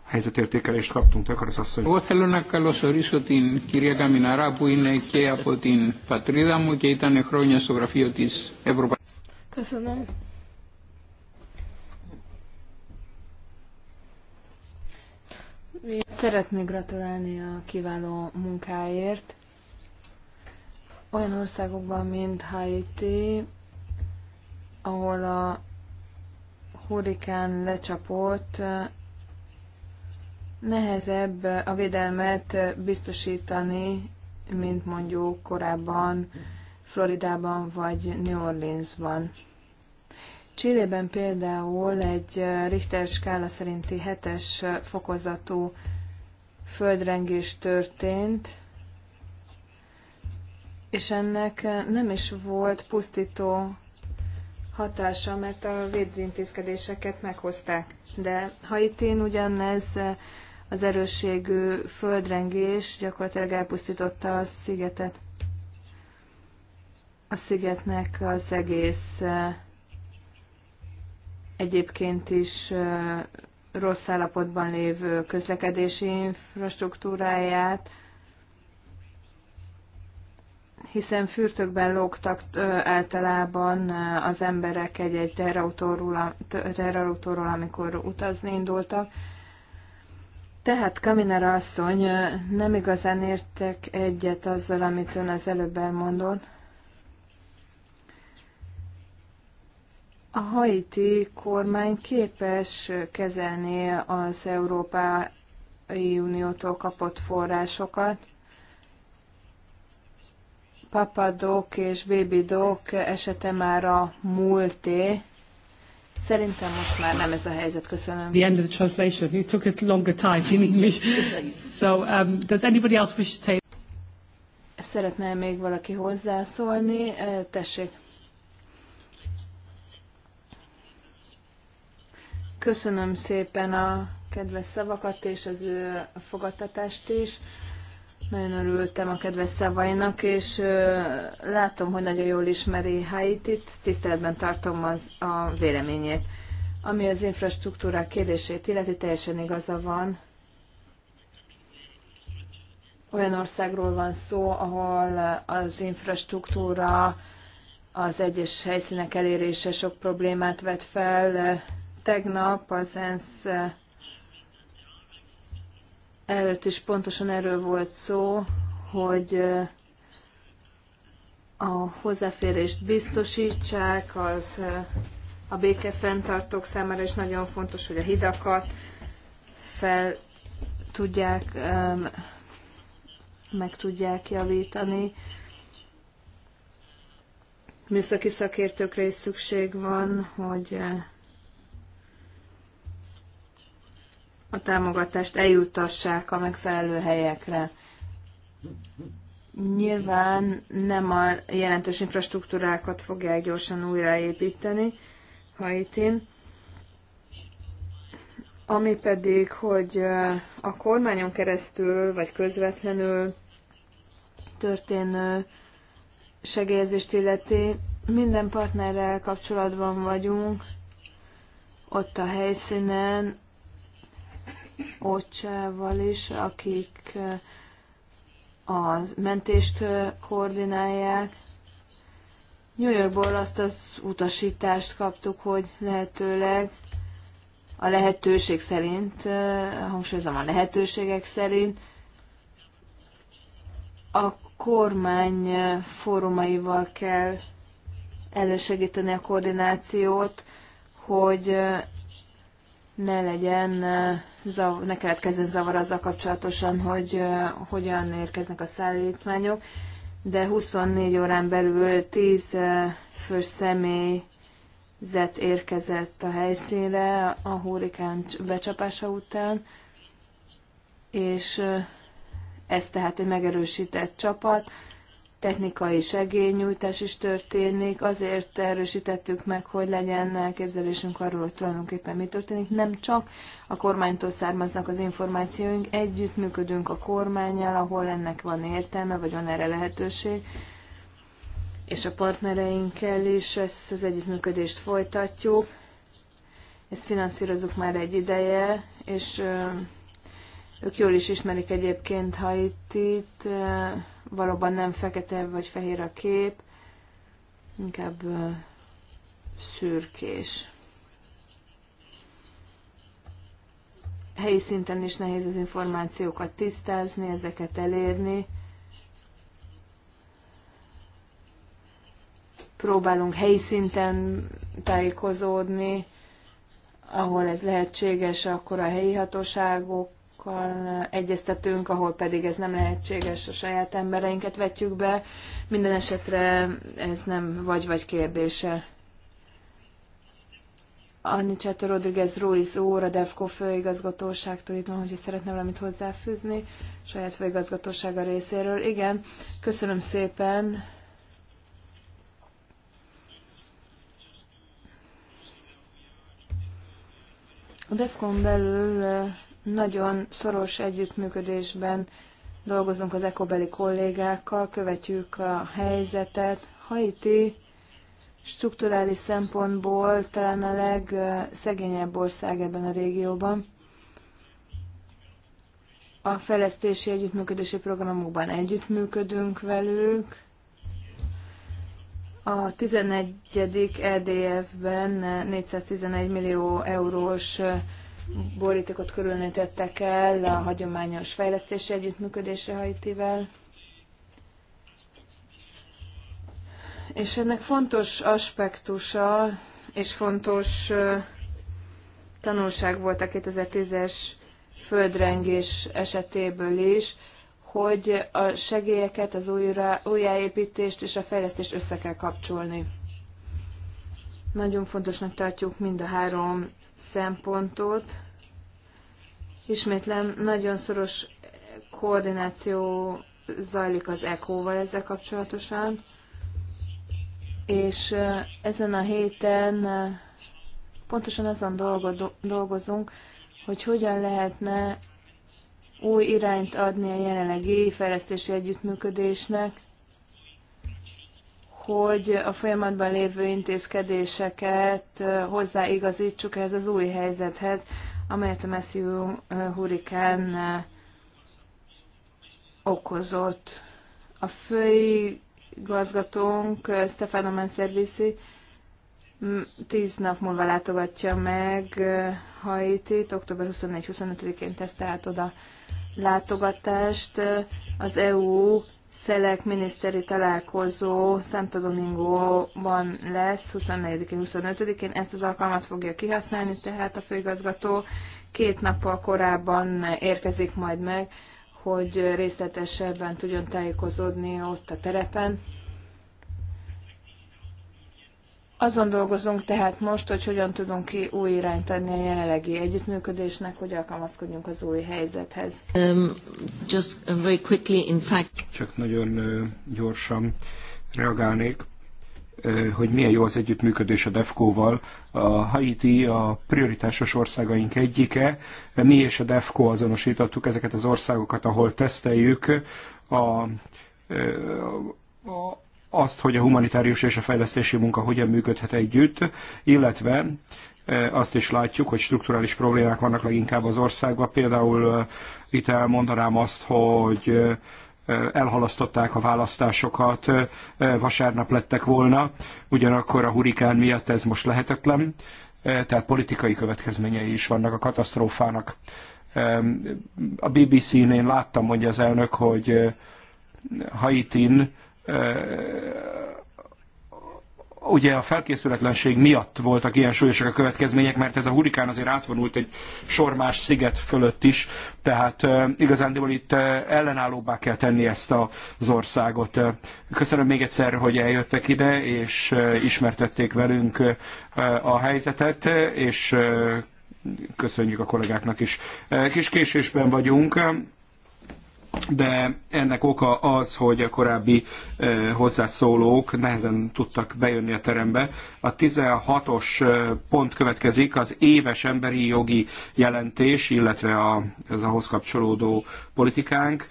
helyzetértékelést kaptunk, Takaros asszony. Εγώ θέλω να καλωσορίσω την κυρία που είναι και από την πατρίδα μου και ήταν χρόνια στο γραφείο Köszönöm. Szeretnék gratulálni a kiváló munkáért. Olyan országokban, mint Haiti, ahol a hurikán lecsapott, nehezebb a védelmet biztosítani, mint mondjuk korábban Floridában vagy New Orleansban. Csillében például egy Richter skála szerinti hetes fokozatú földrengés történt, és ennek nem is volt pusztító hatása, mert a védőintézkedéseket meghozták. De Haitin ugyanez az erősségű földrengés gyakorlatilag elpusztította a szigetet. A szigetnek az egész egyébként is rossz állapotban lévő közlekedési infrastruktúráját, hiszen fürtökben lógtak általában az emberek egy-egy terrautóról, terrautóról, amikor utazni indultak, tehát Kaminer asszony, nem igazán értek egyet azzal, amit ön az előbb elmondott. A haiti kormány képes kezelni az Európai Uniótól kapott forrásokat. Papadok és babydok esete már a múlté. Szerintem most már nem ez a helyzet, köszönöm. The end of the translation. You took it longer time in English. So, um, does anybody else wish to take? Szeretne még valaki hozzászólni? Tessék. Köszönöm szépen a kedves szavakat és az ő fogadtatást is. Nagyon örültem a kedves szavainak, és látom, hogy nagyon jól ismeri Haitit, tiszteletben tartom az, a véleményét. Ami az infrastruktúrák kérdését illeti, teljesen igaza van. Olyan országról van szó, ahol az infrastruktúra az egyes helyszínek elérése sok problémát vet fel. Tegnap az ENSZ előtt is pontosan erről volt szó, hogy eh, a hozzáférést biztosítsák, az eh, a béke fenntartók számára is nagyon fontos, hogy a hidakat fel tudják, meg tudják javítani. Műszaki szakértőkre is szükség van, hogy eh, a támogatást eljuttassák a megfelelő helyekre. Nyilván nem a jelentős infrastruktúrákat fogják gyorsan újraépíteni Haitin, ami pedig, hogy a kormányon keresztül vagy közvetlenül történő segélyezést illeti, minden partnerrel kapcsolatban vagyunk, ott a helyszínen, Ocsával is, akik eh, a mentést eh, koordinálják. New Yorkból azt az utasítást kaptuk, hogy lehetőleg a lehetőség szerint, eh, hangsúlyozom a lehetőségek szerint, a kormány fórumaival kell elősegíteni a koordinációt, hogy ne legyen, eh, ne keletkezzen zavar azzal kapcsolatosan, hogy eh, hogyan érkeznek a szállítmányok, de 24 órán belül 10 eh, fős zet érkezett a helyszínre a hurrikán becsapása után, és ez tehát egy megerősített csapat, technikai segélynyújtás is történik, azért erősítettük meg, hogy legyen elképzelésünk arról, hogy tulajdonképpen mi történik. Nem csak a kormánytól származnak az információink, együtt működünk a kormányjal, ahol ennek van értelme, vagy van erre lehetőség, és a partnereinkkel is ezt az együttműködést folytatjuk. Ezt finanszírozunk már egy ideje, és ők jól is ismerik egyébként itt valóban nem fekete vagy fehér a kép, inkább szürkés. Helyi szinten is nehéz az információkat tisztázni, ezeket elérni. Próbálunk helyi szinten tájékozódni, ahol ez lehetséges, akkor a helyi hatóságok olyanokkal egyeztetünk, ahol pedig ez nem lehetséges, a saját embereinket vetjük be. Minden esetre ez nem vagy-vagy kérdése. Anni Annicsato Rodriguez Ruiz úr, a DEFCO főigazgatóságtól itt van, hogyha szeretne valamit hozzáfűzni, saját főigazgatósága részéről. Igen, köszönöm szépen. A DEFCON belül nagyon szoros együttműködésben dolgozunk az ekobeli kollégákkal, követjük a helyzetet. Haiti strukturális szempontból talán a legszegényebb ország ebben a régióban. A fejlesztési együttműködési programokban együttműködünk velük. A 11. EDF-ben 411 millió eurós borítékot különítettek el a hagyományos fejlesztési együttműködése Haitivel. És ennek fontos aspektusa és fontos tanulság volt a 2010-es földrengés esetéből is, hogy a segélyeket, az újra, újjáépítést és a fejlesztést össze kell kapcsolni. Nagyon fontosnak tartjuk mind a három szempontot. Ismétlem, nagyon szoros koordináció zajlik az ECO-val ezzel kapcsolatosan, és ezen a héten pontosan azon dolgozunk, hogy hogyan lehetne új irányt adni a jelenlegi fejlesztési együttműködésnek, hogy a folyamatban lévő intézkedéseket hozzáigazítsuk ehhez az új helyzethez, amelyet a Matthew hurikán okozott. A főigazgatónk Stefano Manservisi tíz nap múlva látogatja meg Haitit, október 24-25-én tesz tehát oda látogatást. Az EU szelek miniszteri találkozó Santo Domingo-ban lesz 24-25-én. Ezt az alkalmat fogja kihasználni, tehát a főigazgató két nappal korábban érkezik majd meg, hogy részletesebben tudjon tájékozódni ott a terepen. Azon dolgozunk tehát most, hogy hogyan tudunk ki új irányt adni a jelenlegi együttműködésnek, hogy alkalmazkodjunk az új helyzethez. Um, just uh, very quickly, in fact. Csak nagyon gyorsan reagálnék hogy milyen jó az együttműködés a DEFCO-val. A Haiti a prioritásos országaink egyike, mi és a DEFCO azonosítottuk ezeket az országokat, ahol teszteljük a, a, a azt, hogy a humanitárius és a fejlesztési munka hogyan működhet együtt, illetve e, azt is látjuk, hogy strukturális problémák vannak leginkább az országban. Például e, itt elmondanám azt, hogy e, elhalasztották a választásokat, vasárnap lettek volna, ugyanakkor a hurikán miatt ez most lehetetlen, tehát politikai következményei is vannak a katasztrófának. A BBC-n én láttam, mondja az elnök, hogy Haitin ugye a felkészületlenség miatt voltak ilyen súlyosak a következmények, mert ez a hurikán azért átvonult egy sor más sziget fölött is, tehát de igazándiból itt ellenállóbbá kell tenni ezt az országot. Köszönöm még egyszer, hogy eljöttek ide, és ismertették velünk a helyzetet, és köszönjük a kollégáknak is. Kis késésben vagyunk, de ennek oka az, hogy a korábbi hozzászólók nehezen tudtak bejönni a terembe. A 16-os pont következik, az éves emberi jogi jelentés, illetve a, az ahhoz kapcsolódó politikánk.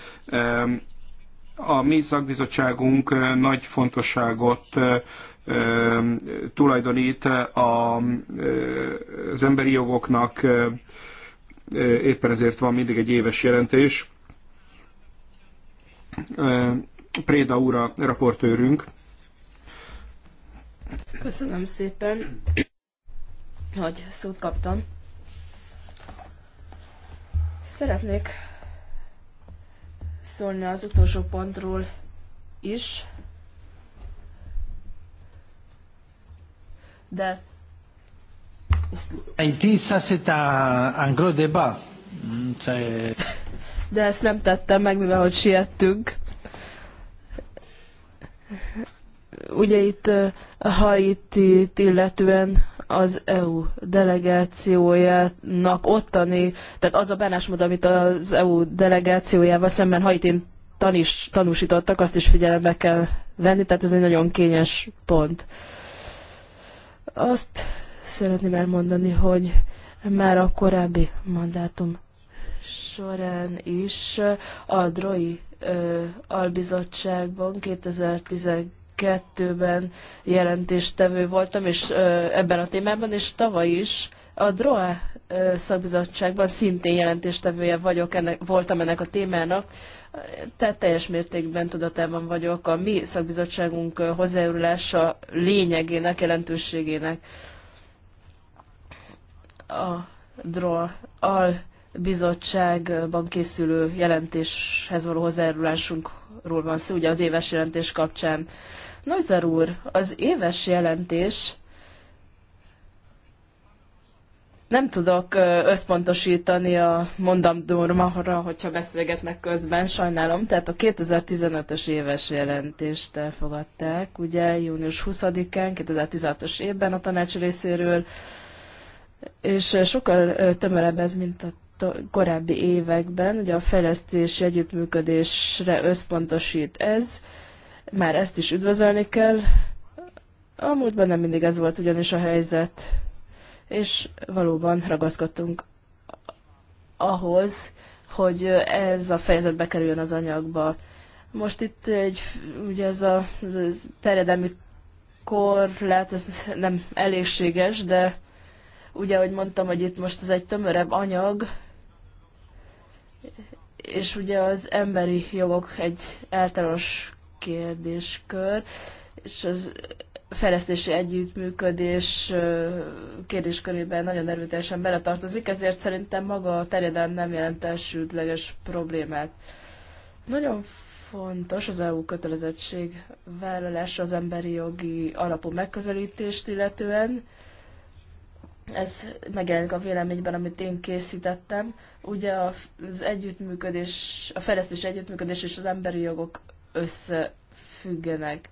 A mi szakbizottságunk nagy fontosságot tulajdonít a, az emberi jogoknak, éppen ezért van mindig egy éves jelentés Préda úr a raportőrünk. Köszönöm szépen, hogy szót kaptam. Szeretnék szólni az utolsó pontról is, de Haïti, ça c'est un, un gros débat. Mm, de ezt nem tettem meg, mivel hogy siettünk. Ugye itt Haiti illetően az EU delegációjának ottani, tehát az a bánásmód, amit az EU delegációjával szemben Haitin tanis, tanúsítottak, azt is figyelembe kell venni, tehát ez egy nagyon kényes pont. Azt szeretném elmondani, hogy már a korábbi mandátum során is a DROI albizottságban 2012-ben jelentéstevő voltam, és ebben a témában, és tavaly is a DROA szakbizottságban szintén jelentéstevője vagyok, ennek, voltam ennek a témának, tehát teljes mértékben tudatában vagyok a mi szakbizottságunk hozzájárulása lényegének, jelentőségének. A DROA al bizottságban készülő jelentéshez való hozzájárulásunkról van szó, ugye az éves jelentés kapcsán. Nagyzer úr, az éves jelentés nem tudok összpontosítani a mondandómra, hogyha beszélgetnek közben, sajnálom. Tehát a 2015-ös éves jelentést elfogadták, ugye június 20-án, 2016-os évben a tanács részéről, és sokkal tömörebb ez, mint a korábbi években, ugye a fejlesztési együttműködésre összpontosít ez, már ezt is üdvözölni kell. A múltban nem mindig ez volt ugyanis a helyzet, és valóban ragaszkodtunk ahhoz, hogy ez a fejezet bekerüljön az anyagba. Most itt egy, ugye ez a terjedelmi lehet ez nem elégséges, de ugye, ahogy mondtam, hogy itt most ez egy tömörebb anyag, és ugye az emberi jogok egy általános kérdéskör, és az fejlesztési együttműködés kérdéskörében nagyon erőteljesen beletartozik, ezért szerintem maga a terjedelem nem jelent elsődleges problémát. Nagyon fontos az EU kötelezettség vállalása az emberi jogi alapú megközelítést illetően, ez megjelenik a véleményben, amit én készítettem. Ugye az együttműködés, a fejlesztés együttműködés és az emberi jogok összefüggenek.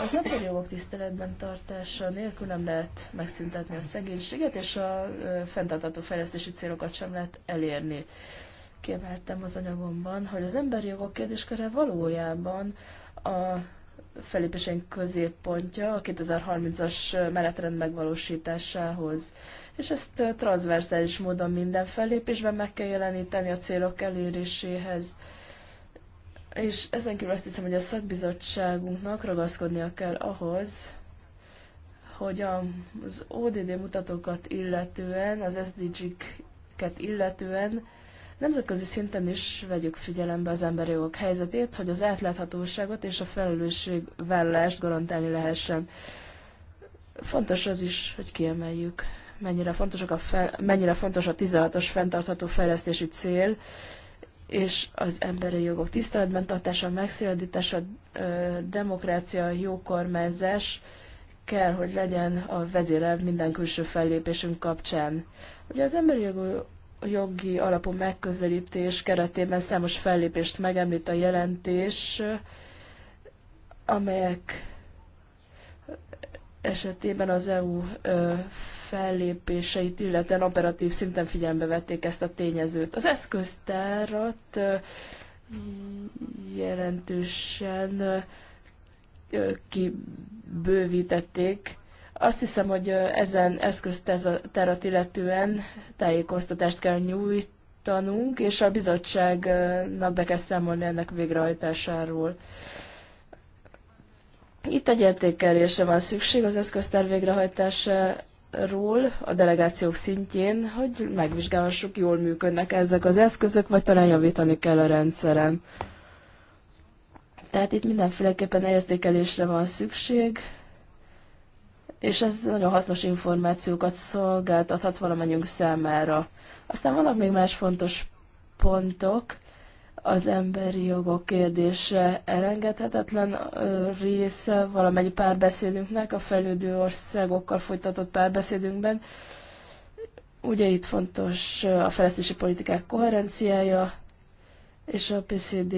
Az emberi jogok tiszteletben tartása nélkül nem lehet megszüntetni a szegénységet, és a fenntartató fejlesztési célokat sem lehet elérni. Kiemeltem az anyagomban, hogy az emberi jogok kérdésköre valójában a felépésénk középpontja a 2030-as menetrend megvalósításához. És ezt transzverzális módon minden fellépésben meg kell jeleníteni a célok eléréséhez. És ezen kívül azt hiszem, hogy a szakbizottságunknak ragaszkodnia kell ahhoz, hogy az ODD mutatókat illetően, az SDG-ket illetően Nemzetközi szinten is vegyük figyelembe az emberi jogok helyzetét, hogy az átláthatóságot és a felelősségvállalást garantálni lehessen. Fontos az is, hogy kiemeljük, mennyire, fontosak a fel, mennyire fontos a 16-os fenntartható fejlesztési cél, és az emberi jogok tiszteletben tartása, megszilárdítása, demokrácia, jó kormányzás kell, hogy legyen a vezérel minden külső fellépésünk kapcsán. Ugye az emberi jogok jogi alapú megközelítés keretében számos fellépést megemlít a jelentés, amelyek esetében az EU fellépéseit, illetve operatív szinten figyelembe vették ezt a tényezőt. Az eszköztárat jelentősen kibővítették, azt hiszem, hogy ezen eszköztárat illetően tájékoztatást kell nyújtanunk, és a bizottságnak be kell számolni ennek végrehajtásáról. Itt egy értékelésre van szükség az eszköztár végrehajtásáról a delegációk szintjén, hogy megvizsgálhassuk, jól működnek ezek az eszközök, vagy talán javítani kell a rendszeren. Tehát itt mindenféleképpen értékelésre van szükség, és ez nagyon hasznos információkat szolgáltathat valamennyünk számára. Aztán vannak még más fontos pontok, az emberi jogok kérdése elengedhetetlen része valamennyi párbeszédünknek, a fejlődő országokkal folytatott párbeszédünkben. Ugye itt fontos a fejlesztési politikák koherenciája és a PCD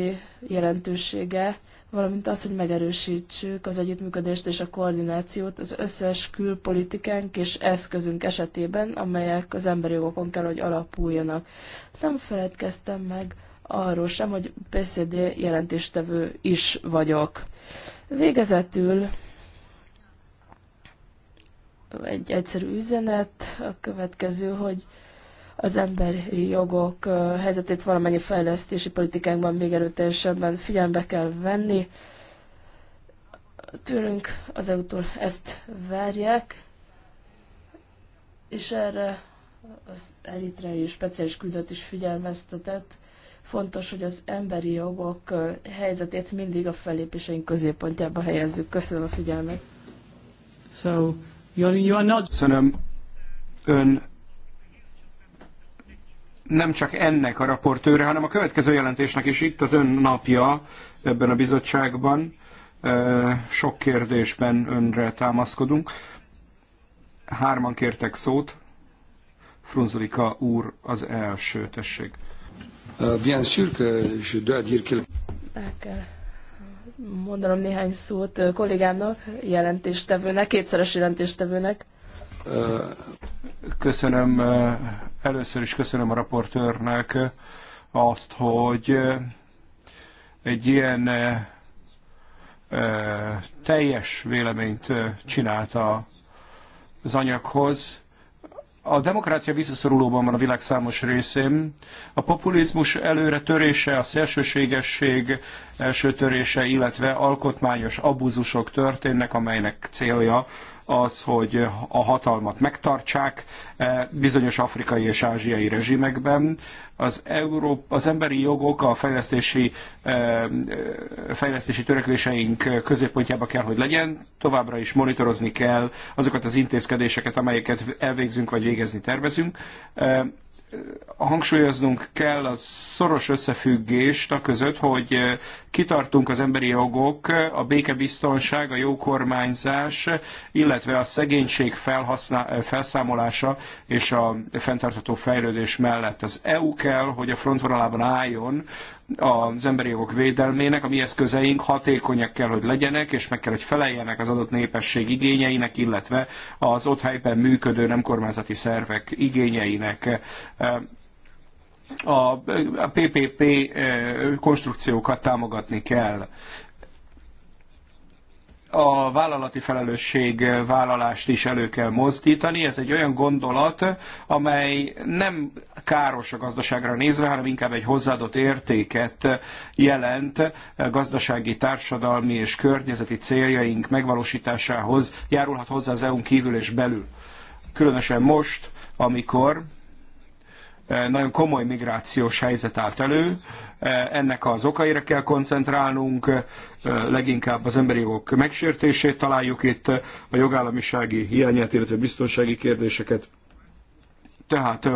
jelentősége valamint az, hogy megerősítsük az együttműködést és a koordinációt az összes külpolitikánk és eszközünk esetében, amelyek az emberi jogokon kell, hogy alapuljanak. Nem feledkeztem meg arról sem, hogy PCD jelentéstevő is vagyok. Végezetül egy egyszerű üzenet a következő, hogy az emberi jogok helyzetét valamennyi fejlesztési politikánkban még erőteljesebben figyelembe kell venni. Tőlünk az EU-tól ezt várják, és erre az eritreai speciális küldött is figyelmeztetett. Fontos, hogy az emberi jogok helyzetét mindig a fellépéseink középpontjába helyezzük. Köszönöm a figyelmet. So, you are not... Köszönöm. Ön nem csak ennek a raportőre, hanem a következő jelentésnek is itt az ön napja ebben a bizottságban. Sok kérdésben önre támaszkodunk. Hárman kértek szót. Frunzulika úr az első, tessék. Bien sûr que je dois dire que... mondanom néhány szót kollégámnak, jelentéstevőnek, kétszeres jelentéstevőnek. Köszönöm Először is köszönöm a raportőrnek azt, hogy egy ilyen teljes véleményt csinált az anyaghoz. A demokrácia visszaszorulóban van a világ számos részén. A populizmus előre törése, a szélsőségesség első törése, illetve alkotmányos abúzusok történnek, amelynek célja az, hogy a hatalmat megtartsák eh, bizonyos afrikai és ázsiai rezsimekben, az, Európa, az emberi jogok a fejlesztési, eh, fejlesztési törekvéseink középpontjába kell, hogy legyen. Továbbra is monitorozni kell azokat az intézkedéseket, amelyeket elvégzünk vagy végezni tervezünk eh, hangsúlyoznunk kell a szoros összefüggést a között, hogy eh, kitartunk az emberi jogok, a békebiztonság, a jó kormányzás, illetve a szegénység felszámolása és a fenntartható fejlődés mellett. Az EU kell, hogy a frontvonalában álljon az emberi jogok védelmének, a mi eszközeink hatékonyak kell, hogy legyenek, és meg kell, hogy feleljenek az adott népesség igényeinek, illetve az ott helyben működő nem kormányzati szervek igényeinek a PPP eh, konstrukciókat támogatni kell a vállalati felelősség vállalást is elő kell mozdítani. Ez egy olyan gondolat, amely nem káros a gazdaságra nézve, hanem inkább egy hozzáadott értéket jelent gazdasági, társadalmi és környezeti céljaink megvalósításához járulhat hozzá az EU-n kívül és belül. Különösen most, amikor nagyon komoly migrációs helyzet állt elő, E, ennek az okaira kell koncentrálnunk, e, leginkább az emberi jogok megsértését találjuk itt, a jogállamisági hiányát, illetve biztonsági kérdéseket. Tehát e,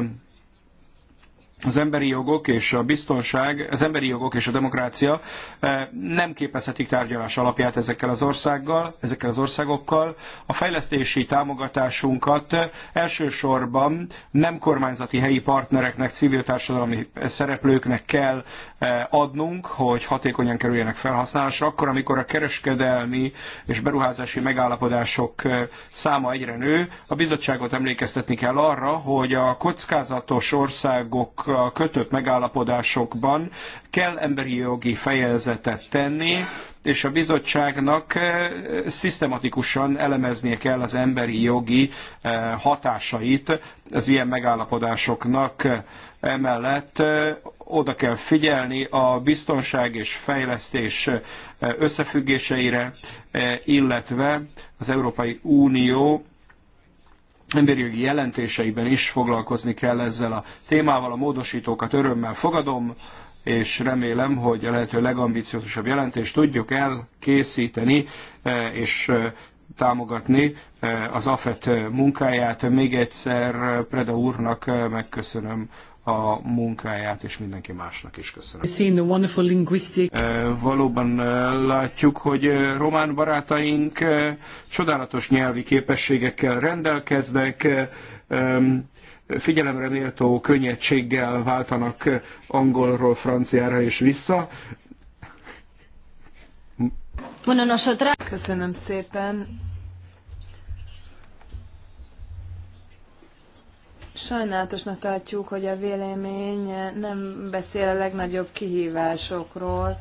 az emberi jogok és a biztonság, az emberi jogok és a demokrácia eh, nem képezhetik tárgyalás alapját ezekkel az országgal, ezekkel az országokkal. A fejlesztési támogatásunkat eh, elsősorban nem kormányzati helyi partnereknek, civil társadalmi szereplőknek kell eh, adnunk, hogy hatékonyan kerüljenek felhasználásra, akkor, amikor a kereskedelmi és beruházási megállapodások száma egyre nő, a bizottságot emlékeztetni kell arra, hogy a kockázatos országok a kötött megállapodásokban kell emberi jogi fejezetet tenni, és a bizottságnak eh, szisztematikusan elemeznie kell az emberi jogi eh, hatásait az ilyen megállapodásoknak. Emellett eh, oda kell figyelni a biztonság és fejlesztés összefüggéseire, illetve az Európai Unió emberi jogi jelentéseiben is foglalkozni kell ezzel a témával. A módosítókat örömmel fogadom, és remélem, hogy a lehető legambiciózusabb jelentést tudjuk elkészíteni, eh, és eh, támogatni eh, az AFET munkáját. Még egyszer Preda úrnak megköszönöm a munkáját, és mindenki másnak is köszönöm. Linguistic... Eh, valóban eh, látjuk, hogy eh, román barátaink csodálatos nyelvi képességekkel rendelkeznek, figyelemre méltó könnyedséggel váltanak angolról franciára és vissza. Köszönöm szépen. Sajnálatosnak tartjuk, hogy a vélemény nem beszél a legnagyobb kihívásokról,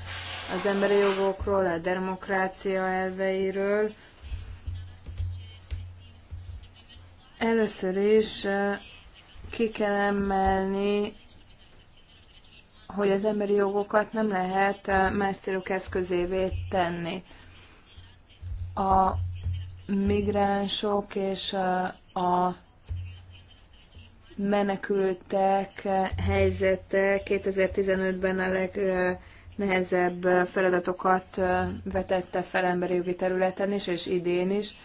az emberi jogokról, a demokrácia elveiről. Először is eh, ki kell emelni, hogy az emberi jogokat nem lehet eh, más célok eszközévé tenni. A migránsok és eh, a menekültek helyzete 2015-ben a legnehezebb feladatokat vetette fel emberi jogi területen is, és idén is.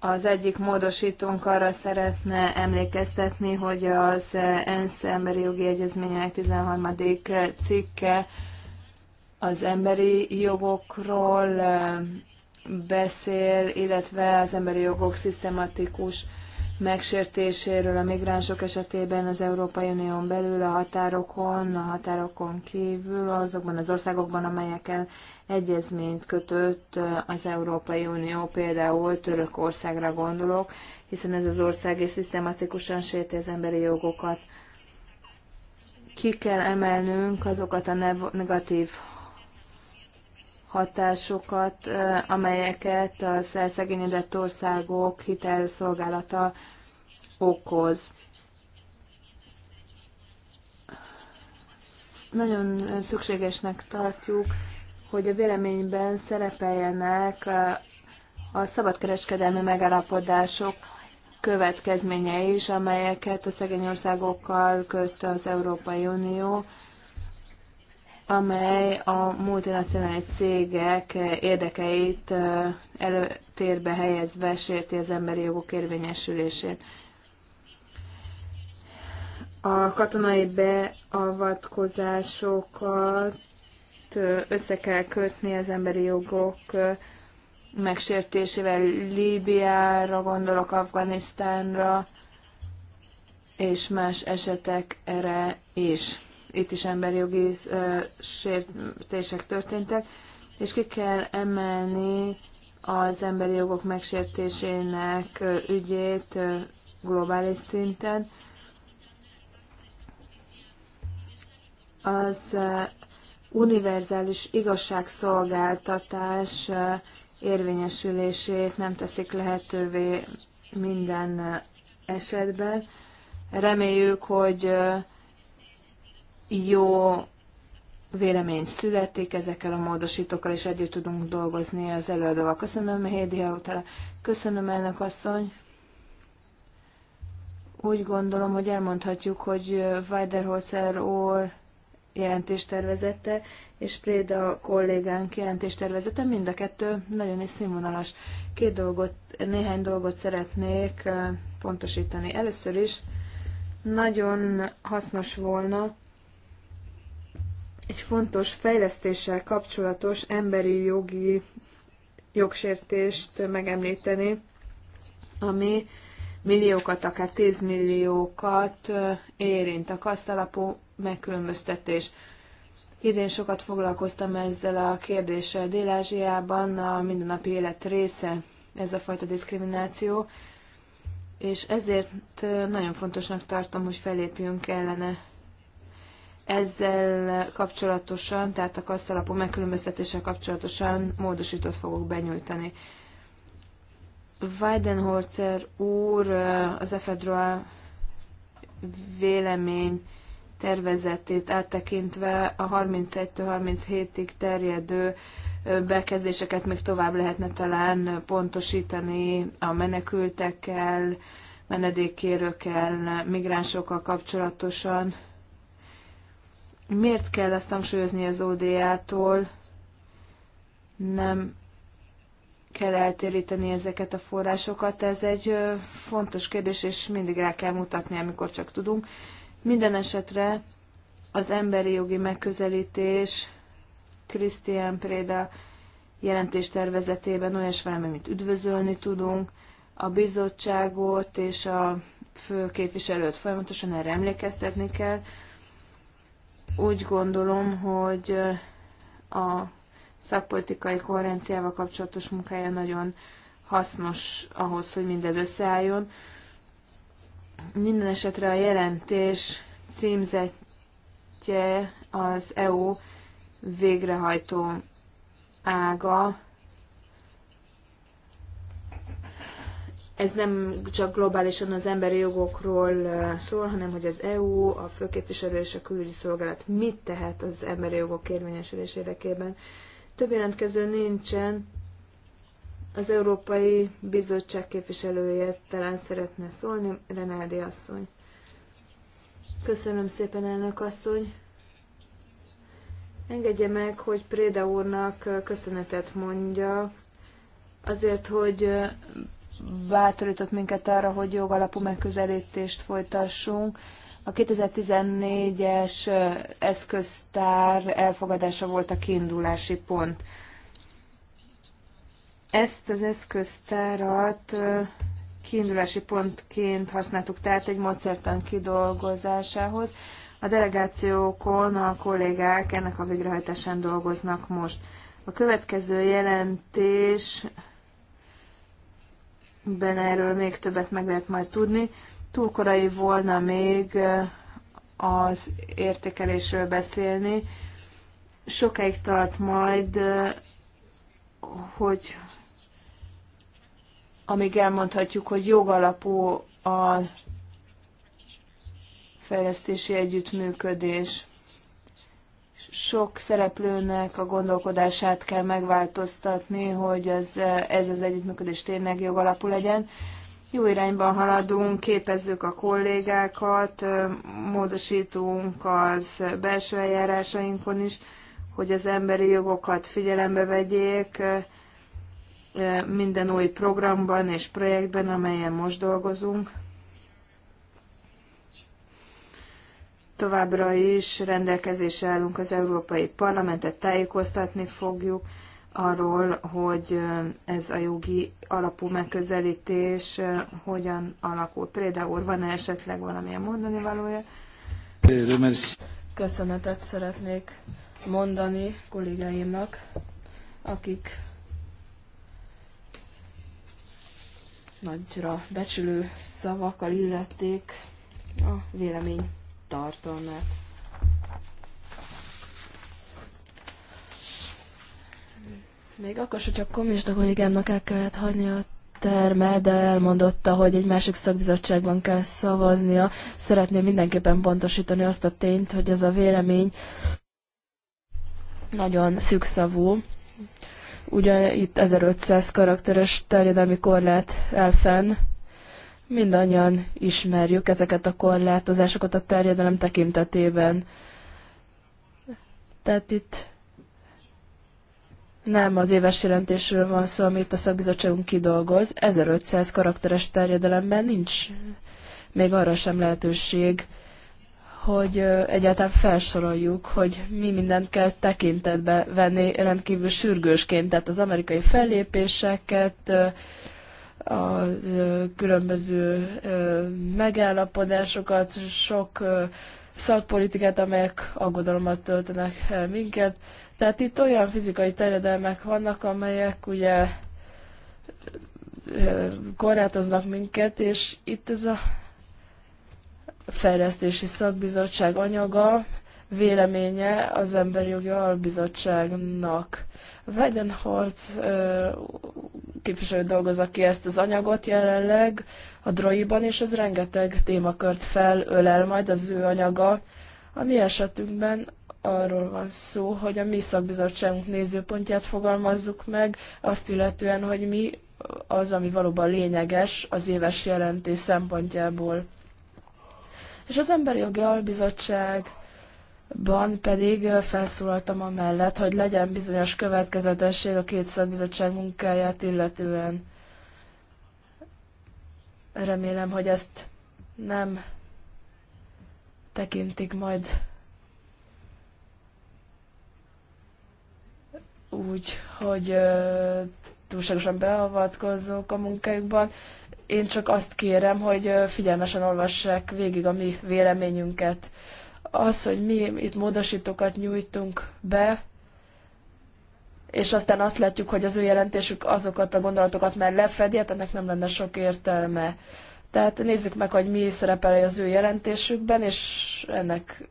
Az egyik módosítónk arra szeretne emlékeztetni, hogy az ENSZ emberi jogi egyezményének 13. cikke az emberi jogokról beszél, illetve az emberi jogok szisztematikus megsértéséről a migránsok esetében az Európai Unión belül, a határokon, a határokon kívül, azokban az országokban, amelyekkel egyezményt kötött az Európai Unió, például Törökországra gondolok, hiszen ez az ország is szisztematikusan sérti az emberi jogokat. Ki kell emelnünk azokat a negatív hatásokat, amelyeket az elszegényedett országok hitelszolgálata okoz. Nagyon szükségesnek tartjuk, hogy a véleményben szerepeljenek a szabadkereskedelmi megállapodások következményei is, amelyeket a szegény országokkal köt az Európai Unió, amely a multinacionális cégek érdekeit előtérbe helyezve sérti az emberi jogok érvényesülését. A katonai beavatkozásokat össze kell kötni az emberi jogok megsértésével Líbiára, gondolok Afganisztánra, és más esetekre is itt is emberi jogi sértések történtek, és ki kell emelni az emberi jogok megsértésének ügyét globális szinten. Az univerzális igazságszolgáltatás érvényesülését nem teszik lehetővé minden esetben. Reméljük, hogy jó vélemény születik, ezekkel a módosítókkal és együtt tudunk dolgozni az előadóval. Köszönöm, Hédi Hautala. Köszönöm, elnök asszony. Úgy gondolom, hogy elmondhatjuk, hogy Weiderholzer úr jelentéstervezete és Préda kollégánk jelentéstervezete, mind a kettő nagyon is színvonalas. Két dolgot, néhány dolgot szeretnék eh, pontosítani. Először is nagyon hasznos volna, egy fontos fejlesztéssel kapcsolatos emberi jogi jogsértést megemlíteni, ami milliókat, akár tízmilliókat érint a kasztalapú megkülönböztetés. Idén sokat foglalkoztam ezzel a kérdéssel Dél-Ázsiában, a mindennapi élet része ez a fajta diszkrimináció, és ezért nagyon fontosnak tartom, hogy felépjünk ellene. Ezzel kapcsolatosan, tehát a kasztalapú megkülönböztetéssel kapcsolatosan módosított fogok benyújtani. Weidenholzer úr az efedroa vélemény tervezetét áttekintve a 31-37-ig terjedő bekezdéseket még tovább lehetne talán pontosítani a menekültekkel, menedékkérőkkel, migránsokkal kapcsolatosan. Miért kell ezt hangsúlyozni az ODA-tól? Nem kell eltéríteni ezeket a forrásokat. Ez egy fontos kérdés, és mindig rá kell mutatni, amikor csak tudunk. Minden esetre az emberi jogi megközelítés Christian Préda jelentéstervezetében olyas valami, amit üdvözölni tudunk, a bizottságot és a fő képviselőt folyamatosan erre emlékeztetni kell, úgy gondolom, hogy a szakpolitikai koherenciával kapcsolatos munkája nagyon hasznos ahhoz, hogy mindez összeálljon. Minden esetre a jelentés címzetje az EU végrehajtó ága, ez nem csak globálisan az emberi jogokról szól, hanem hogy az EU, a főképviselő és a külügyi szolgálat mit tehet az emberi jogok érvényesülés érdekében. Több jelentkező nincsen. Az Európai Bizottság képviselője talán szeretne szólni, Renádi asszony. Köszönöm szépen, elnök asszony. Engedje meg, hogy Préda úrnak köszönetet mondjak, azért, hogy bátorított minket arra, hogy jogalapú megközelítést folytassunk. A 2014-es eszköztár elfogadása volt a kiindulási pont. Ezt az eszköztárat kiindulási pontként használtuk, tehát egy módszertan kidolgozásához. A delegációkon a kollégák ennek a végrehajtásán dolgoznak most. A következő jelentés ben erről még többet meg lehet majd tudni. Túl korai volna még az értékelésről beszélni. Sokáig tart majd, hogy amíg elmondhatjuk, hogy jogalapú a fejlesztési együttműködés sok szereplőnek a gondolkodását kell megváltoztatni, hogy ez, ez az együttműködés tényleg jogalapú legyen. Jó irányban haladunk, képezzük a kollégákat, módosítunk az belső eljárásainkon is, hogy az emberi jogokat figyelembe vegyék minden új programban és projektben, amelyen most dolgozunk. Továbbra is rendelkezésre állunk az Európai Parlamentet, tájékoztatni fogjuk arról, hogy ez a jogi alapú megközelítés hogyan alakul. Például van -e esetleg valamilyen mondani valója? Köszönetet szeretnék mondani kollégáimnak, akik nagyra becsülő szavakkal illették a vélemény tartalmát. Még akkor, hogyha komista kollégámnak el kellett hagyni a terme, de elmondotta, hogy egy másik szakbizottságban kell szavaznia. Szeretném mindenképpen pontosítani azt a tényt, hogy ez a vélemény nagyon szükszavú. Ugye itt 1500 karakteres terjedelmi korlát elfenn, Mindannyian ismerjük ezeket a korlátozásokat a terjedelem tekintetében. Tehát itt nem az éves jelentésről van szó, amit a szakbizottságunk kidolgoz. 1500 karakteres terjedelemben nincs még arra sem lehetőség, hogy egyáltalán felsoroljuk, hogy mi mindent kell tekintetbe venni rendkívül sürgősként, tehát az amerikai fellépéseket, a különböző megállapodásokat, sok szakpolitikát, amelyek aggodalomat töltenek minket. Tehát itt olyan fizikai terjedelmek vannak, amelyek ugye korlátoznak minket, és itt ez a fejlesztési szakbizottság anyaga véleménye az Emberi Jogi Albizottságnak. Weidenholt képviselő dolgozza ki ezt az anyagot jelenleg a droiban, és ez rengeteg témakört felölel majd az ő anyaga. A mi esetünkben arról van szó, hogy a mi szakbizottságunk nézőpontját fogalmazzuk meg, azt illetően, hogy mi az, ami valóban lényeges az éves jelentés szempontjából. És az Emberi Jogi Albizottság Ban pedig felszólaltam amellett, hogy legyen bizonyos következetesség a két szakbizottság munkáját illetően. Remélem, hogy ezt nem tekintik majd úgy, hogy túlságosan beavatkozók a munkájukban. Én csak azt kérem, hogy figyelmesen olvassák végig a mi véleményünket az, hogy mi itt módosítókat nyújtunk be, és aztán azt látjuk, hogy az ő jelentésük azokat a gondolatokat már lefedje, hát ennek nem lenne sok értelme. Tehát nézzük meg, hogy mi szerepel az ő jelentésükben, és ennek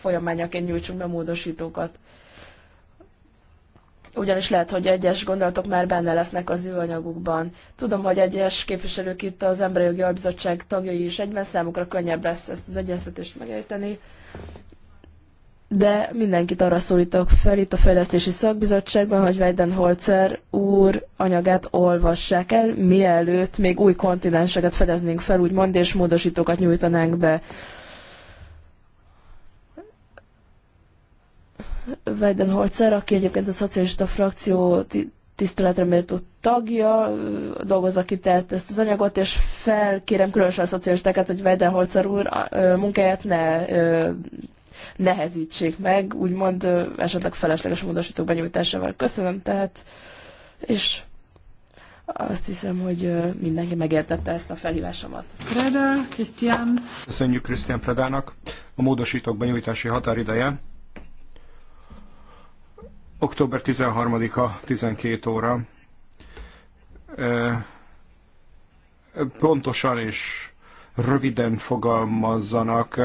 folyamányaként nyújtsunk be módosítókat. Ugyanis lehet, hogy egyes gondolatok már benne lesznek az ő anyagukban. Tudom, hogy egyes képviselők itt az Emberi Jogi Albizottság tagjai is egyben számukra könnyebb lesz ezt az egyeztetést megejteni de mindenkit arra szólítok fel itt a Fejlesztési Szakbizottságban, hogy Weidenholzer úr anyagát olvassák el, mielőtt még új kontinenseket fedeznénk fel, úgymond, és módosítókat nyújtanánk be. Weidenholzer, aki egyébként a szocialista frakció tiszteletre méltó tagja, dolgozza ki tehát ezt az anyagot, és felkérem különösen a szocialistákat, hogy Weidenholzer úr munkáját ne nehezítsék meg, úgymond esetleg felesleges módosítók benyújtásával. Köszönöm tehát, és azt hiszem, hogy mindenki megértette ezt a felhívásomat. Preda, Krisztián. Köszönjük Krisztián Predának. A módosítók benyújtási határideje Október 13-a, 12 óra. Pontosan és röviden fogalmazzanak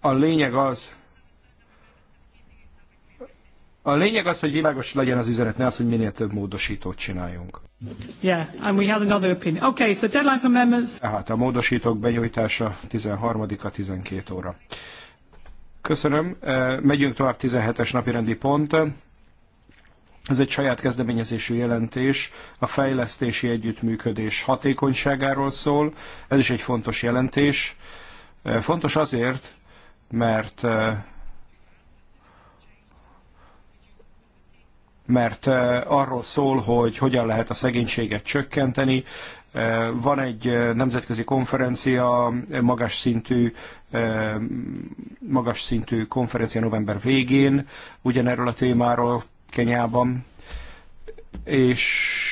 a lényeg az, a lényeg az, hogy világos legyen az üzenet, ne az, hogy minél több módosítót csináljunk. Yeah, and we had another opinion. Okay, so deadline for amendments. Tehát a módosítók benyújtása 13-a 12 óra. Köszönöm. Megyünk tovább 17-es napirendi pont. Ez egy saját kezdeményezésű jelentés, a fejlesztési együttműködés hatékonyságáról szól. Ez is egy fontos jelentés. Fontos azért, mert mert arról szól, hogy hogyan lehet a szegénységet csökkenteni. Van egy nemzetközi konferencia, magas szintű, magas szintű konferencia november végén, ugyanerről a témáról Kenyában, és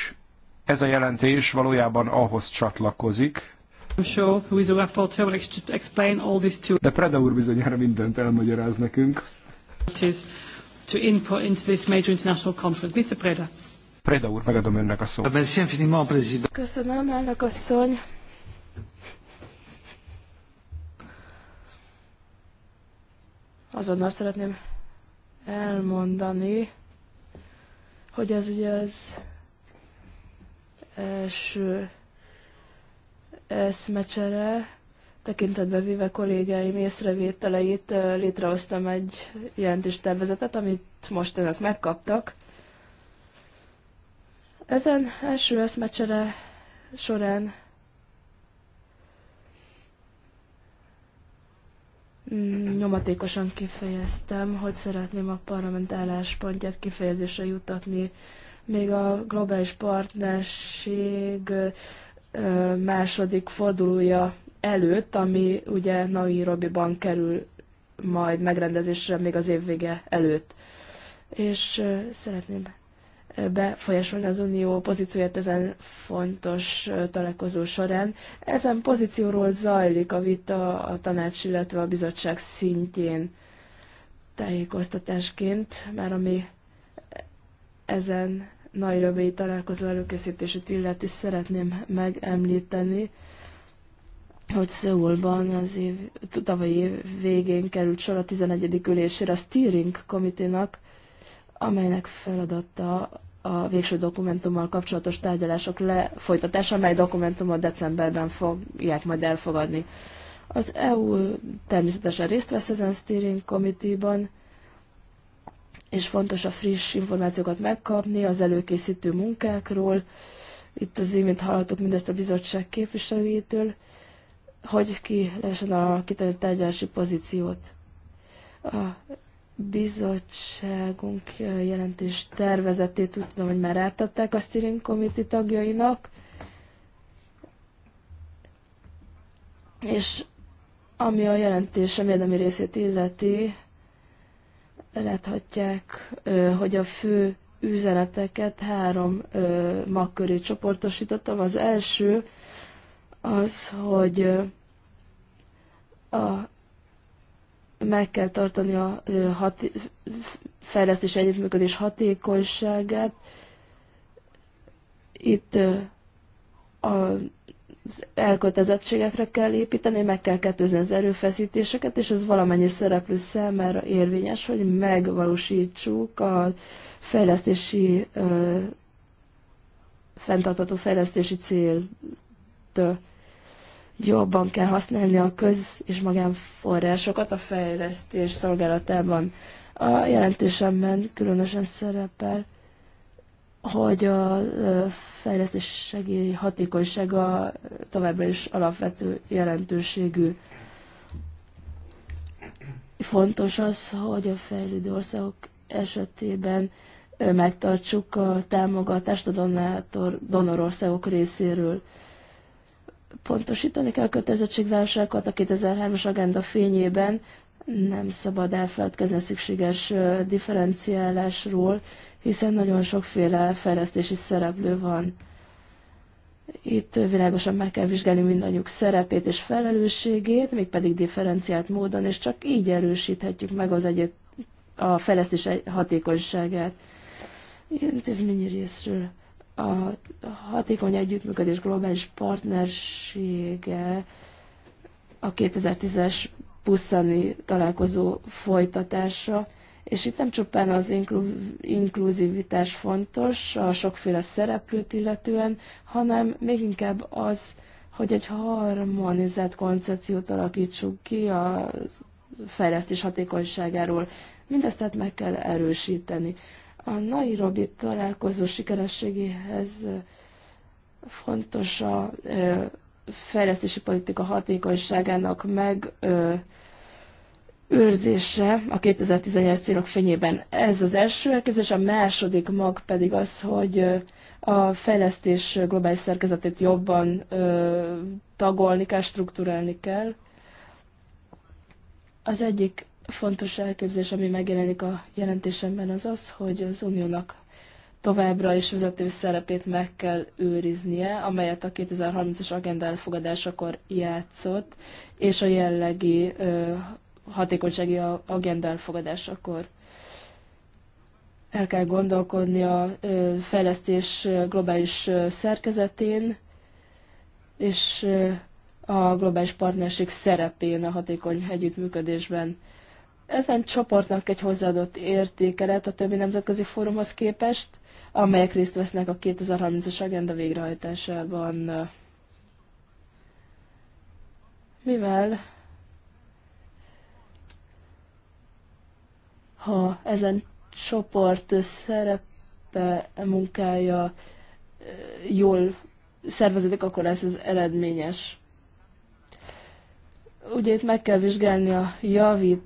ez a jelentés valójában ahhoz csatlakozik, de Preda úr bizonyára mindent elmagyaráz nekünk to input into this major international conference. Mr. Preda. Preda úr, megadom önnek a szót. Köszönöm, elnök asszony. Azonnal szeretném elmondani, hogy ez ugye az első eszmecsere, tekintetbe véve kollégáim észrevételeit létrehoztam egy tervezetet, amit most önök megkaptak. Ezen első eszmecsere során nyomatékosan kifejeztem, hogy szeretném a parlament álláspontját kifejezésre jutatni. Még a globális partnerség második fordulója előtt, ami ugye Nairobiban kerül majd megrendezésre még az év előtt. És szeretném befolyásolni az unió pozícióját ezen fontos találkozó során. Ezen pozícióról zajlik a vita a tanács, illetve a bizottság szintjén tájékoztatásként, már ami ezen nairobi találkozó előkészítését illeti szeretném megemlíteni, hogy Szeulban az év, tavalyi év végén került sor a 11. ülésére a Steering Komiténak, amelynek feladata a végső dokumentummal kapcsolatos tárgyalások lefolytatása, amely dokumentumot decemberben fogják majd elfogadni. Az EU természetesen részt vesz ezen Steering Komitéban, és fontos a friss információkat megkapni az előkészítő munkákról. Itt az imént hallottuk mindezt a bizottság képviselőjétől, hogy ki lesen alakítani a tárgyalási pozíciót. A bizottságunk jelentés tervezetét úgy tudom, hogy már átadták a steering committee tagjainak, és ami a a érdemi részét illeti, láthatják, hogy a fő üzeneteket három mag köré csoportosítottam. Az első az, hogy a, meg kell tartani a hati, fejlesztés együttműködés hatékonyságát. Itt az elkötelezettségekre kell építeni, meg kell kettőzni az erőfeszítéseket, és ez valamennyi szereplő számára érvényes, hogy megvalósítsuk a fejlesztési, ö, fenntartható fejlesztési célt jobban kell használni a köz- és magánforrásokat a fejlesztés szolgálatában. A jelentésemben különösen szerepel, hogy a fejlesztés hatékonysága továbbra is alapvető jelentőségű. Fontos az, hogy a fejlődő országok esetében megtartsuk a támogatást a donátor, donorországok részéről pontosítani kell a kötelezettségvárosokat a 2003-as agenda fényében, nem szabad elfeledkezni a szükséges differenciálásról, hiszen nagyon sokféle fejlesztési szereplő van. Itt világosan meg kell vizsgálni mindannyiuk szerepét és felelősségét, mégpedig differenciált módon, és csak így erősíthetjük meg az egyet, a fejlesztés hatékonyságát. Intézményi részről a hatékony együttműködés globális partnersége a 2010-es puszani találkozó folytatása, és itt nem csupán az inklu- inkluzivitás fontos, a sokféle szereplőt illetően, hanem még inkább az, hogy egy harmonizált koncepciót alakítsuk ki a fejlesztés hatékonyságáról. Mindezt tehát meg kell erősíteni. A Nairobi találkozó sikerességéhez fontos a fejlesztési politika hatékonyságának meg őrzése a es célok fényében. Ez az első elképzelés, a második mag pedig az, hogy a fejlesztés globális szerkezetét jobban ö, tagolni kell, struktúrálni kell. Az egyik fontos elképzés, ami megjelenik a jelentésemben, az az, hogy az uniónak továbbra is vezető szerepét meg kell őriznie, amelyet a 2030-as agenda elfogadásakor játszott, és a jellegi ö, hatékonysági agenda elfogadásakor. El kell gondolkodni a ö, fejlesztés globális ö, szerkezetén, és ö, a globális partnerség szerepén a hatékony együttműködésben. Ezen csoportnak egy hozzáadott értéke a többi nemzetközi fórumhoz képest, amelyek részt vesznek a 2030-as agenda végrehajtásában. Mivel ha ezen csoport szerepe, munkája jól szerveződik, akkor ez az eredményes. Ugye itt meg kell vizsgálni a javít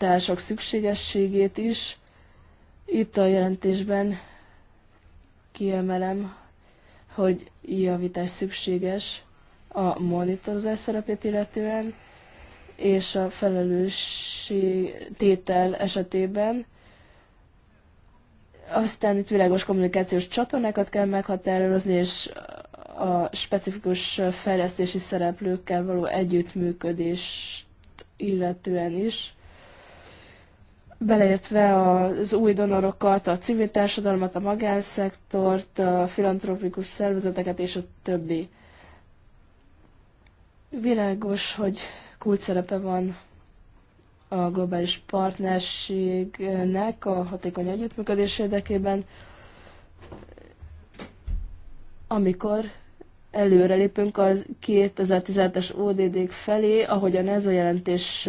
társak szükségességét is. Itt a jelentésben kiemelem, hogy javítás szükséges a monitorozás szerepét illetően, és a felelősség tétel esetében. Aztán itt világos kommunikációs csatornákat kell meghatározni, és a specifikus fejlesztési szereplőkkel való együttműködést illetően is beleértve az új donorokat, a civil társadalmat, a magánszektort, a filantropikus szervezeteket és a többi. Világos, hogy kult szerepe van a globális partnerségnek a hatékony együttműködés érdekében, amikor előrelépünk a 2017-es ODD-k felé, ahogyan ez a jelentés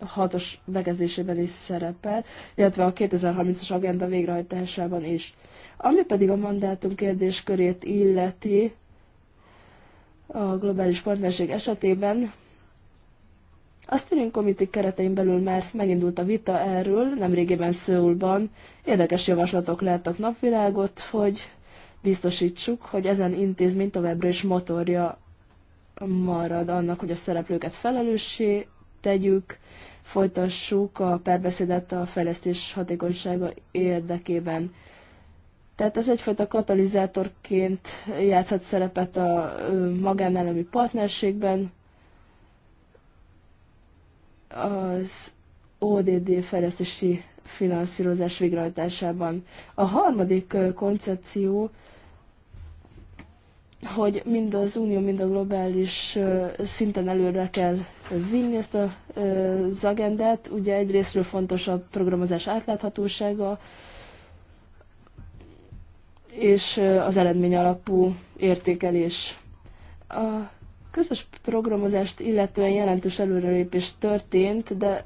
2036-os bekezdésében is szerepel, illetve a 2030-as agenda végrehajtásában is. Ami pedig a mandátum kérdéskörét illeti a globális partnerség esetében, a Steering Committee keretein belül már megindult a vita erről, nemrégiben Szöulban. Érdekes javaslatok láttak napvilágot, hogy biztosítsuk, hogy ezen intézmény továbbra is motorja marad annak, hogy a szereplőket felelőssé tegyük, folytassuk a perbeszédet a fejlesztés hatékonysága érdekében. Tehát ez egyfajta katalizátorként játszhat szerepet a magánállami partnerségben. Az ODD fejlesztési finanszírozás végrehajtásában. A harmadik koncepció hogy mind az unió, mind a globális szinten előre kell vinni ezt az agendát. Ugye egyrésztről fontos a programozás átláthatósága, és az eredmény alapú értékelés. A közös programozást illetően jelentős előrelépés történt, de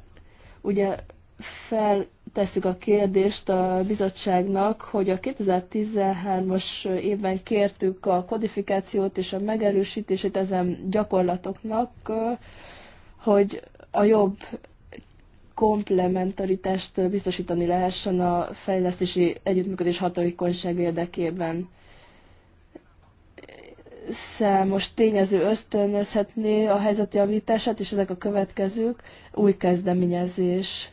ugye fel tesszük a kérdést a bizottságnak, hogy a 2013-as évben kértük a kodifikációt és a megerősítését ezen gyakorlatoknak, hogy a jobb komplementaritást biztosítani lehessen a fejlesztési együttműködés hatékonyság érdekében. Számos tényező ösztönözhetné a helyzet javítását, és ezek a következők új kezdeményezés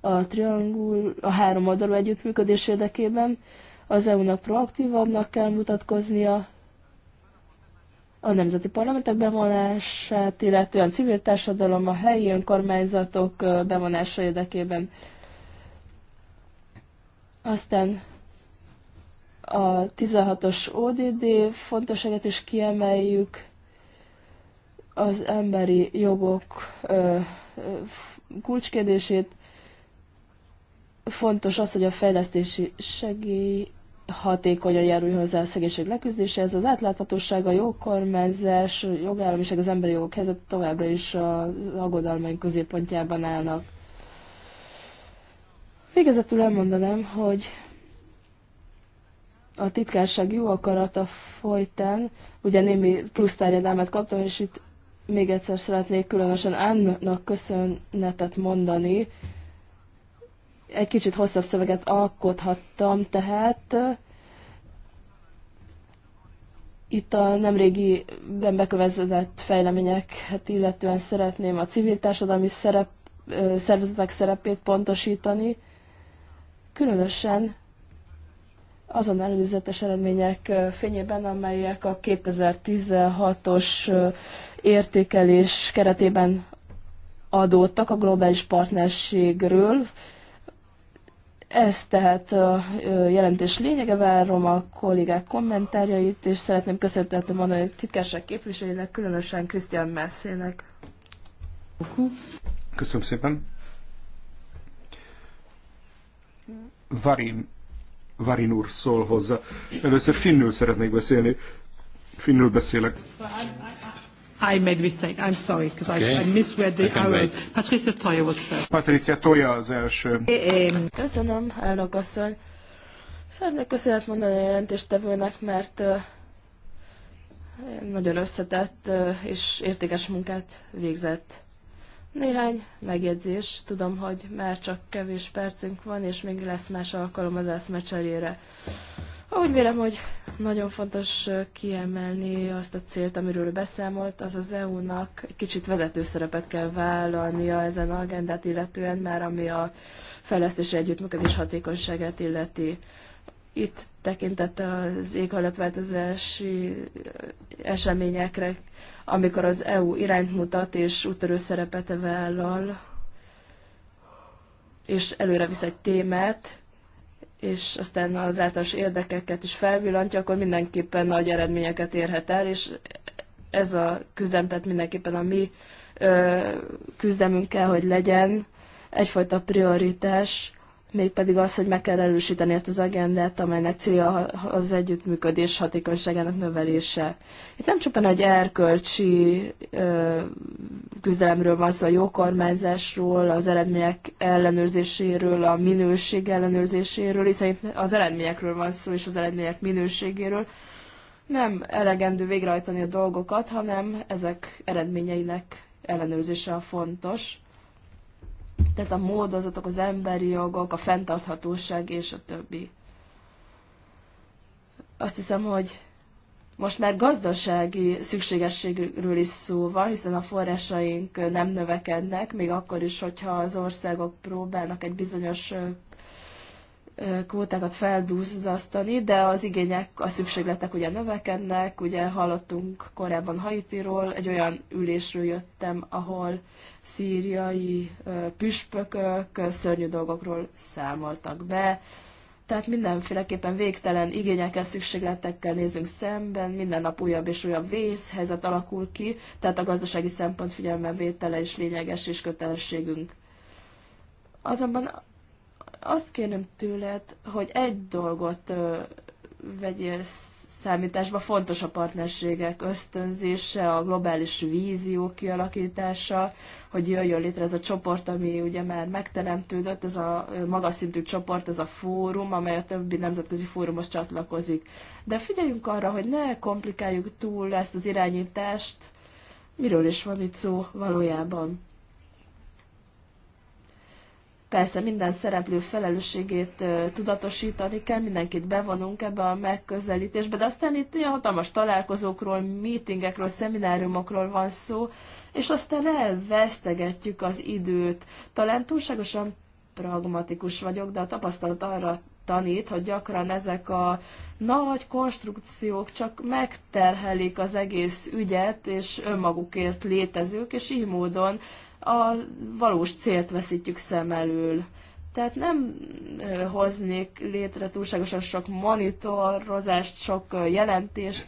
a triangul, a három oldalú együttműködés érdekében. Az EU-nak proaktívabbnak kell mutatkoznia, a nemzeti parlamentek bevonását, illetően a civil társadalom, a helyi önkormányzatok bevonása érdekében. Aztán a 16-os ODD fontosságát is kiemeljük, az emberi jogok kulcskérdését, Fontos az, hogy a fejlesztési segély hatékonyan járulj hozzá a szegénység leküzdéséhez. Az átláthatóság, a jó a jogállamiság, az emberi jogok helyzet továbbra is az aggodalmaink középpontjában állnak. Végezetül elmondanám, hogy a titkárság jó akarata folytán, ugye némi plusz tárgyadalmat kaptam, és itt még egyszer szeretnék különösen Annak köszönetet mondani, egy kicsit hosszabb szöveget alkothattam, tehát itt a nemrégiben bekövezetett fejleményeket illetően szeretném a civil társadalmi szerep, szervezetek szerepét pontosítani, különösen azon előzetes eredmények fényében, amelyek a 2016-os értékelés keretében adódtak a globális partnerségről, ez tehát a jelentés lényege, várom a kollégák kommentárjait, és szeretném köszöntetni a titkárság képviselőjének, különösen Krisztián Messének. Köszönöm szépen. Varin, Varin úr szól hozzá. Először finnül szeretnék beszélni. Finnül beszélek. So I made a mistake. I'm sorry, because okay. I, I misread the arrow. Patricia Toya was first. Patricia Toya az első. Köszönöm, elnök asszony. Szeretnék köszönet mondani a jelentéstevőnek, mert nagyon összetett és értékes munkát végzett. Néhány megjegyzés. Tudom, hogy már csak kevés percünk van, és még lesz más alkalom az eszmecserére. Úgy vélem, hogy nagyon fontos kiemelni azt a célt, amiről beszámolt, az az EU-nak egy kicsit vezető szerepet kell vállalnia ezen a agendát illetően, már ami a fejlesztési együttműködés hatékonyságát illeti. Itt tekintett az éghajlatváltozási eseményekre, amikor az EU irányt mutat és úttörő szerepet vállal, és előre visz egy témát, és aztán az általános érdekeket is felvillantja, akkor mindenképpen nagy eredményeket érhet el, és ez a küzdelem, tehát mindenképpen a mi küzdelmünk kell, hogy legyen egyfajta prioritás, mégpedig az, hogy meg kell erősíteni ezt az agendát, amelynek célja az együttműködés hatékonyságának növelése. Itt nem csupán egy erkölcsi ö, küzdelemről van szó, a jó kormányzásról, az eredmények ellenőrzéséről, a minőség ellenőrzéséről, hiszen itt az eredményekről van szó, és az eredmények minőségéről. Nem elegendő végrehajtani a dolgokat, hanem ezek eredményeinek ellenőrzése a fontos tehát a módozatok, az emberi jogok, a fenntarthatóság és a többi. Azt hiszem, hogy most már gazdasági szükségességről is szó van, hiszen a forrásaink nem növekednek, még akkor is, hogyha az országok próbálnak egy bizonyos kvótákat felduzzasztani, de az igények, a szükségletek ugye növekednek, ugye hallottunk korábban Haitiról, egy olyan ülésről jöttem, ahol szíriai püspökök szörnyű dolgokról számoltak be, tehát mindenféleképpen végtelen igényekkel, szükségletekkel nézünk szemben, minden nap újabb és újabb vészhelyzet alakul ki, tehát a gazdasági szempont figyelmevétele is lényeges és kötelességünk. Azonban azt kérném tőled, hogy egy dolgot vegyél számításba, fontos a partnerségek ösztönzése, a globális vízió kialakítása, hogy jöjjön létre ez a csoport, ami ugye már megteremtődött, ez a magas szintű csoport, ez a fórum, amely a többi nemzetközi fórumhoz csatlakozik. De figyeljünk arra, hogy ne komplikáljuk túl ezt az irányítást, miről is van itt szó valójában. Persze minden szereplő felelősségét tudatosítani kell, mindenkit bevonunk ebbe a megközelítésbe, de aztán itt ilyen hatalmas találkozókról, meetingekről, szemináriumokról van szó, és aztán elvesztegetjük az időt. Talán túlságosan pragmatikus vagyok, de a tapasztalat arra tanít, hogy gyakran ezek a nagy konstrukciók csak megterhelik az egész ügyet, és önmagukért létezők, és így módon a valós célt veszítjük szem elől. Tehát nem hoznék létre túlságosan sok monitorozást, sok jelentést,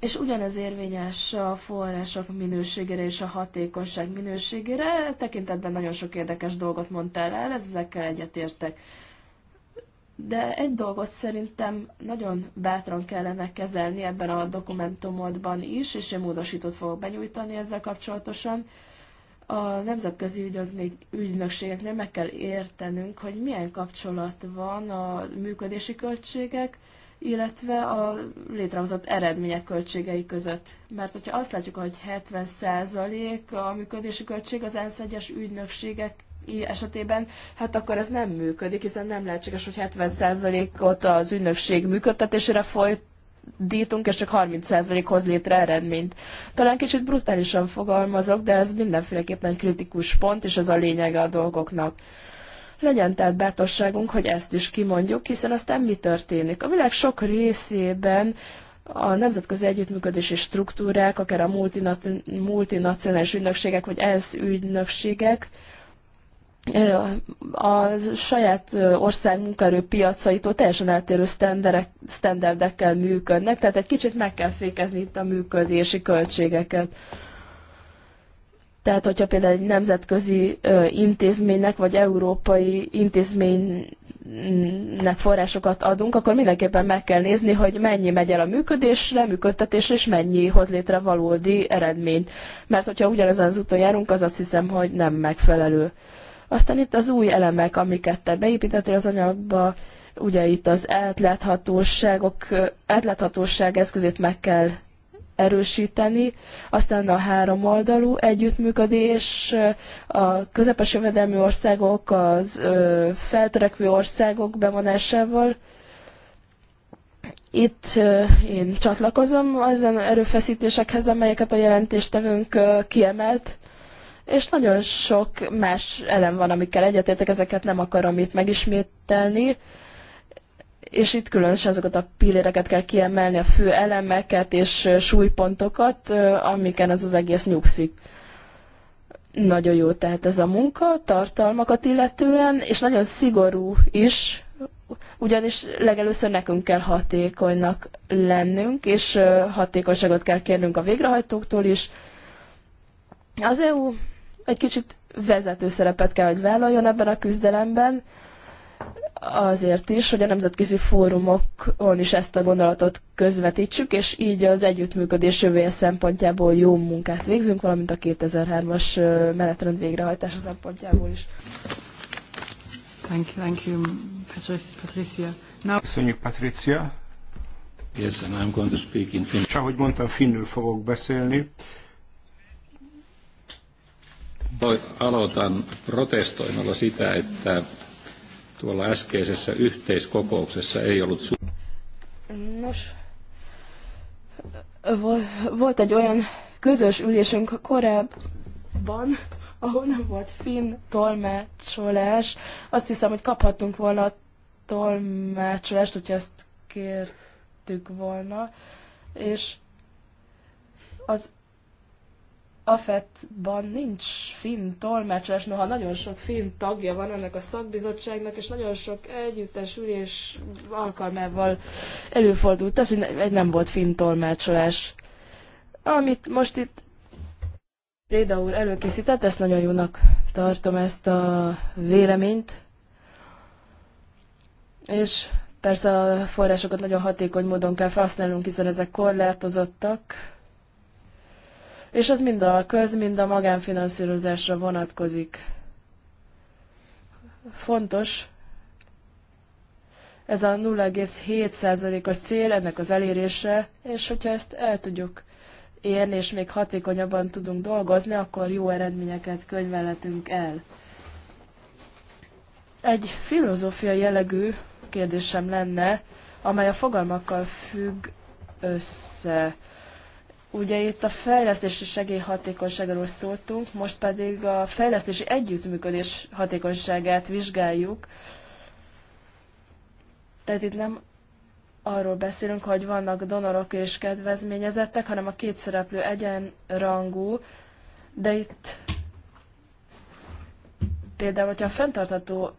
és ugyanez érvényes a források minőségére és a hatékonyság minőségére. Tekintetben nagyon sok érdekes dolgot mondtál el, ezekkel egyetértek de egy dolgot szerintem nagyon bátran kellene kezelni ebben a dokumentumodban is, és én módosítót fogok benyújtani ezzel kapcsolatosan. A nemzetközi ügynökségeknél meg kell értenünk, hogy milyen kapcsolat van a működési költségek, illetve a létrehozott eredmények költségei között. Mert hogyha azt látjuk, hogy 70% a működési költség az ENSZ egyes ügynökségek esetében, hát akkor ez nem működik, hiszen nem lehetséges, hogy 70%-ot az ügynökség működtetésére folyt, dítunk, és csak 30% hoz létre eredményt. Talán kicsit brutálisan fogalmazok, de ez mindenféleképpen kritikus pont, és ez a lényege a dolgoknak. Legyen tehát bátorságunk, hogy ezt is kimondjuk, hiszen aztán mi történik? A világ sok részében a nemzetközi együttműködési struktúrák, akár a multinacionális ügynökségek vagy ENSZ ügynökségek, a saját ország munkaerőpiacaitól teljesen eltérő sztenderdekkel működnek, tehát egy kicsit meg kell fékezni itt a működési költségeket. Tehát, hogyha például egy nemzetközi intézménynek, vagy európai intézménynek forrásokat adunk, akkor mindenképpen meg kell nézni, hogy mennyi megy el a működésre, működtetésre, és mennyi hoz létre valódi eredményt. Mert hogyha ugyanezen az úton járunk, az azt hiszem, hogy nem megfelelő. Aztán itt az új elemek, amiket te beépítettél az anyagba, ugye itt az átláthatóságok, átláthatóság eszközét meg kell erősíteni, aztán a három oldalú együttműködés, a közepes jövedelmi országok, a feltörekvő országok bevonásával. Itt én csatlakozom azon erőfeszítésekhez, amelyeket a jelentéstevőnk kiemelt, és nagyon sok más elem van, amikkel egyetértek, ezeket nem akarom itt megismételni, és itt különösen azokat a pilléreket kell kiemelni, a fő elemeket és súlypontokat, amiken ez az egész nyugszik. Nagyon jó tehát ez a munka, tartalmakat illetően, és nagyon szigorú is, ugyanis legelőször nekünk kell hatékonynak lennünk, és hatékonyságot kell kérnünk a végrehajtóktól is. Az EU egy kicsit vezető szerepet kell, hogy vállaljon ebben a küzdelemben, azért is, hogy a nemzetközi fórumokon is ezt a gondolatot közvetítsük, és így az együttműködés jövője szempontjából jó munkát végzünk, valamint a 2003-as menetrend végrehajtása szempontjából is. Thank you, thank you, Patricia. Now... Köszönjük, Patricia. Yes, and I'm going to speak in Finnish. Csak ahogy mondtam, finnül fogok beszélni. Aloitan protestoimalla sitä, että tuolla äskeisessä yhteiskokouksessa ei ollut... Su- Nos, volt egy olyan közös ülésünk korábban, ahol nem volt finn tolmácsolás. Azt hiszem, hogy kaphattunk volna a tolmácsolást, hogyha ezt kértük volna. És az AFET-ban nincs finn tolmácsolás, noha nagyon sok finn tagja van ennek a szakbizottságnak, és nagyon sok együttes ülés alkalmával előfordult ez, hogy nem volt finn tolmácsolás. Amit most itt Réda úr előkészített, ezt nagyon jónak tartom ezt a véleményt, és persze a forrásokat nagyon hatékony módon kell felhasználnunk, hiszen ezek korlátozottak, és ez mind a köz, mind a magánfinanszírozásra vonatkozik. Fontos, ez a 0,7%-os cél, ennek az elérése, és hogyha ezt el tudjuk érni, és még hatékonyabban tudunk dolgozni, akkor jó eredményeket könyvelhetünk el. Egy filozófiai jellegű kérdésem lenne, amely a fogalmakkal függ össze. Ugye itt a fejlesztési segély hatékonyságáról szóltunk, most pedig a fejlesztési együttműködés hatékonyságát vizsgáljuk. Tehát itt nem arról beszélünk, hogy vannak donorok és kedvezményezettek, hanem a két szereplő egyenrangú, de itt például, hogyha a fenntartató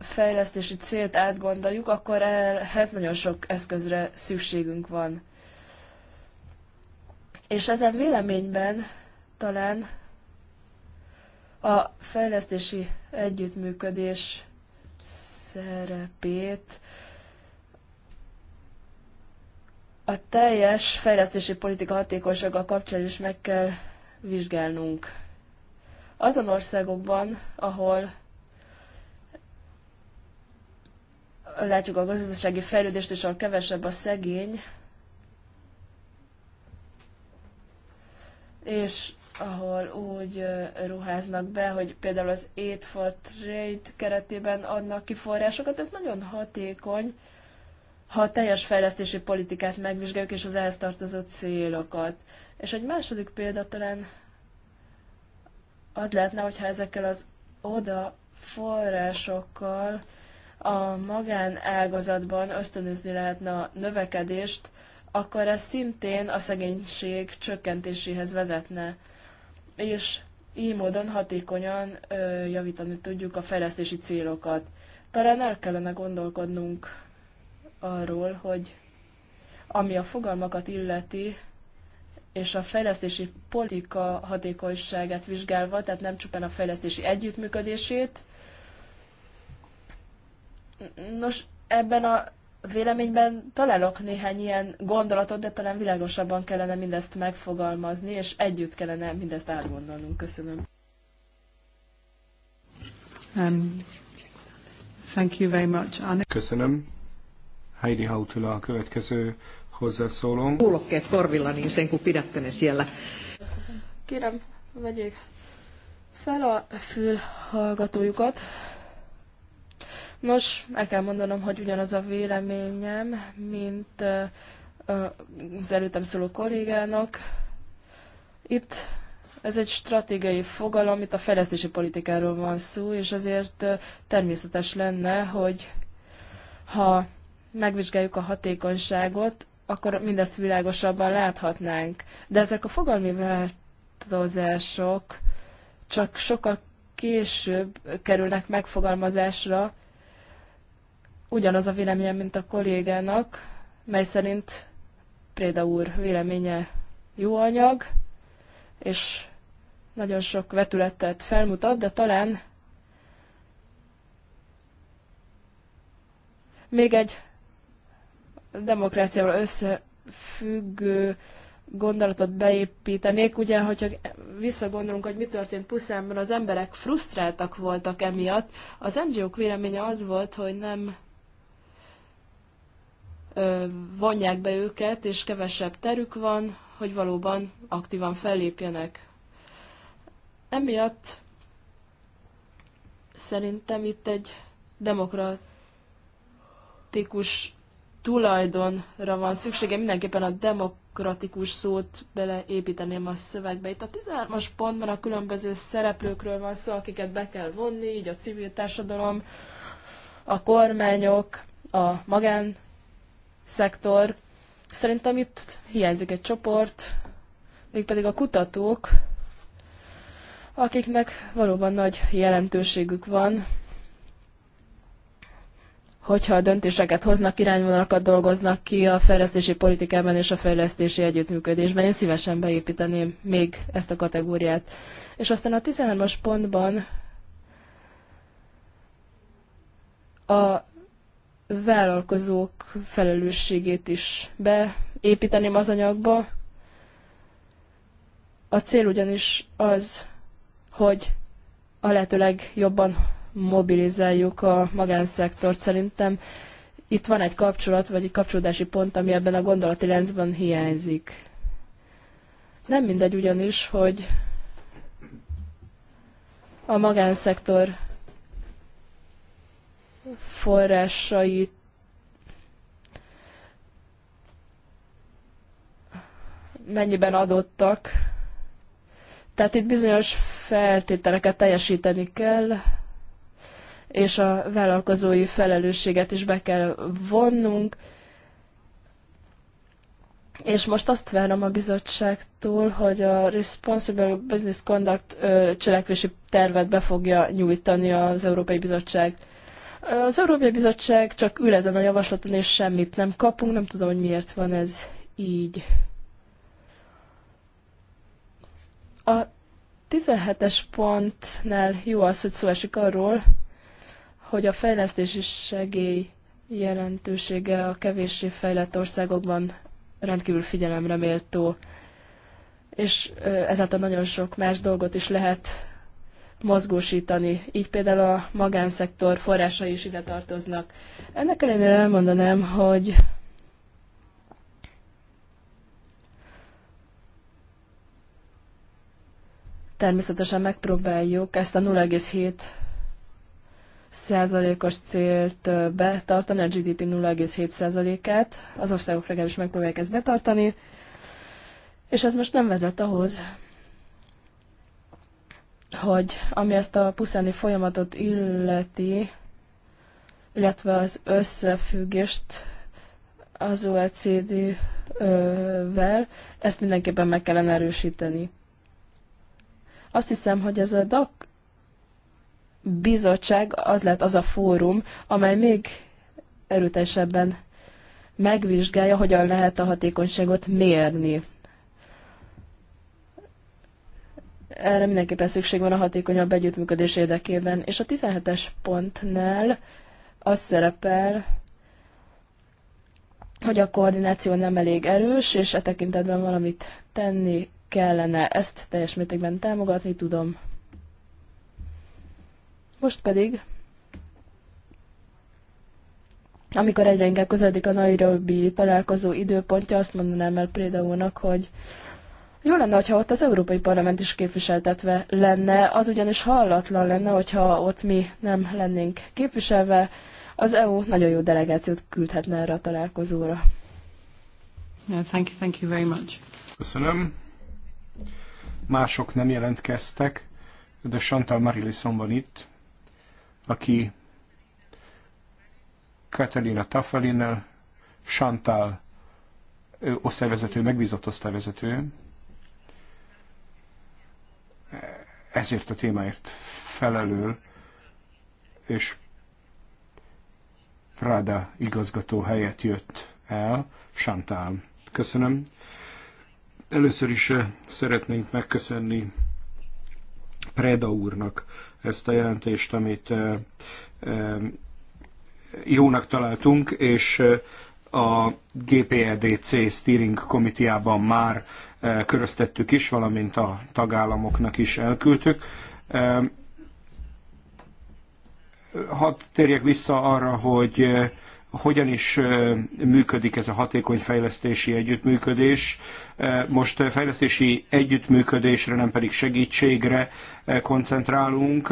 fejlesztési célt átgondoljuk, akkor ehhez nagyon sok eszközre szükségünk van. És ezen véleményben talán a fejlesztési együttműködés szerepét a teljes fejlesztési politika hatékonysága kapcsán is meg kell vizsgálnunk. Azon országokban, ahol látjuk a gazdasági fejlődést, és ahol kevesebb a szegény, és ahol úgy ruháznak be, hogy például az Aid for Trade keretében adnak ki forrásokat, ez nagyon hatékony, ha a teljes fejlesztési politikát megvizsgáljuk, és az ehhez tartozó célokat. És egy második példa talán az lehetne, hogyha ezekkel az oda forrásokkal a magánágazatban ösztönözni lehetne a növekedést, akkor ez szintén a szegénység csökkentéséhez vezetne. És így módon hatékonyan ö, javítani tudjuk a fejlesztési célokat. Talán el kellene gondolkodnunk arról, hogy ami a fogalmakat illeti, és a fejlesztési politika hatékonyságát vizsgálva, tehát nem csupán a fejlesztési együttműködését. Nos, ebben a véleményben találok néhány ilyen gondolatot, de talán világosabban kellene mindezt megfogalmazni, és együtt kellene mindezt átgondolnunk. Köszönöm. Um, thank you very much. Anne. Köszönöm. Heidi Hautula a következő hozzászólom. Kuulokkeet korvilla, niin sen kun pidätte ne siellä. Kérem, vegyék fel a fülhallgatójukat. Nos, el kell mondanom, hogy ugyanaz a véleményem, mint az előttem szóló kollégának. Itt ez egy stratégiai fogalom, itt a fejlesztési politikáról van szó, és ezért természetes lenne, hogy ha megvizsgáljuk a hatékonyságot, akkor mindezt világosabban láthatnánk. De ezek a fogalmi változások csak sokkal később kerülnek megfogalmazásra, ugyanaz a véleménye, mint a kollégának, mely szerint Préda úr véleménye jó anyag, és nagyon sok vetületet felmutat, de talán még egy demokráciával összefüggő gondolatot beépítenék. Ugye, hogyha visszagondolunk, hogy mi történt Puszámban, az emberek frusztráltak voltak emiatt. Az NGO-k véleménye az volt, hogy nem vonják be őket, és kevesebb terük van, hogy valóban aktívan fellépjenek. Emiatt szerintem itt egy demokratikus tulajdonra van szüksége. Mindenképpen a demokratikus szót beleépíteném a szövegbe. Itt a 13-as pontban a különböző szereplőkről van szó, akiket be kell vonni, így a civil társadalom, a kormányok, a magán szektor. Szerintem itt hiányzik egy csoport, mégpedig a kutatók, akiknek valóban nagy jelentőségük van, hogyha a döntéseket hoznak, irányvonalakat dolgoznak ki a fejlesztési politikában és a fejlesztési együttműködésben. Én szívesen beépíteném még ezt a kategóriát. És aztán a 13-as pontban a vállalkozók felelősségét is beépíteném az anyagba. A cél ugyanis az, hogy a lehető jobban mobilizáljuk a magánszektort szerintem. Itt van egy kapcsolat, vagy egy kapcsolódási pont, ami ebben a gondolati láncban hiányzik. Nem mindegy ugyanis, hogy a magánszektor forrásait mennyiben adottak. Tehát itt bizonyos feltételeket teljesíteni kell, és a vállalkozói felelősséget is be kell vonnunk. És most azt várom a bizottságtól, hogy a Responsible Business Conduct cselekvési tervet be fogja nyújtani az Európai Bizottság. Az Európai Bizottság csak ül ezen a javaslaton, és semmit nem kapunk. Nem tudom, hogy miért van ez így. A 17-es pontnál jó az, hogy szó esik arról, hogy a fejlesztési segély jelentősége a kevéssé fejlett országokban rendkívül figyelemre méltó, és ezáltal nagyon sok más dolgot is lehet mozgósítani. Így például a magánszektor forrásai is ide tartoznak. Ennek ellenére elmondanám, hogy természetesen megpróbáljuk ezt a 0,7 százalékos célt betartani, a GDP 0,7 százalékát. Az országok legalábbis megpróbálják ezt betartani, és ez most nem vezet ahhoz, hogy ami ezt a puszáni folyamatot illeti, illetve az összefüggést az OECD-vel, ezt mindenképpen meg kellene erősíteni. Azt hiszem, hogy ez a DAC bizottság az lett az a fórum, amely még erőteljesebben megvizsgálja, hogyan lehet a hatékonyságot mérni. erre mindenképpen szükség van a hatékonyabb együttműködés érdekében. És a 17-es pontnál az szerepel, hogy a koordináció nem elég erős, és e tekintetben valamit tenni kellene. Ezt teljes mértékben támogatni tudom. Most pedig, amikor egyre inkább közeledik a nairobi találkozó időpontja, azt mondanám el Préda hogy jó lenne, hogyha ott az Európai Parlament is képviseltetve lenne, az ugyanis hallatlan lenne, hogyha ott mi nem lennénk képviselve. Az EU nagyon jó delegációt küldhetne erre a találkozóra. Yeah, thank you, thank you very much. Köszönöm. Mások nem jelentkeztek, de Chantal Marilison van itt, aki Katalina Tafalinnel, Chantal osztályvezető, megbízott osztályvezető, ezért a témáért felelől, és Prada igazgató helyett jött el, Santál. Köszönöm. Először is eh, szeretnénk megköszönni Preda úrnak ezt a jelentést, amit eh, eh, jónak találtunk, és a GPRDC e Steering Komitiában már köröztettük is, valamint a tagállamoknak is elküldtük. Hadd térjek vissza arra, hogy eh, hogyan is eh, működik ez a hatékony fejlesztési együttműködés. Eh, most fejlesztési együttműködésre, nem pedig segítségre koncentrálunk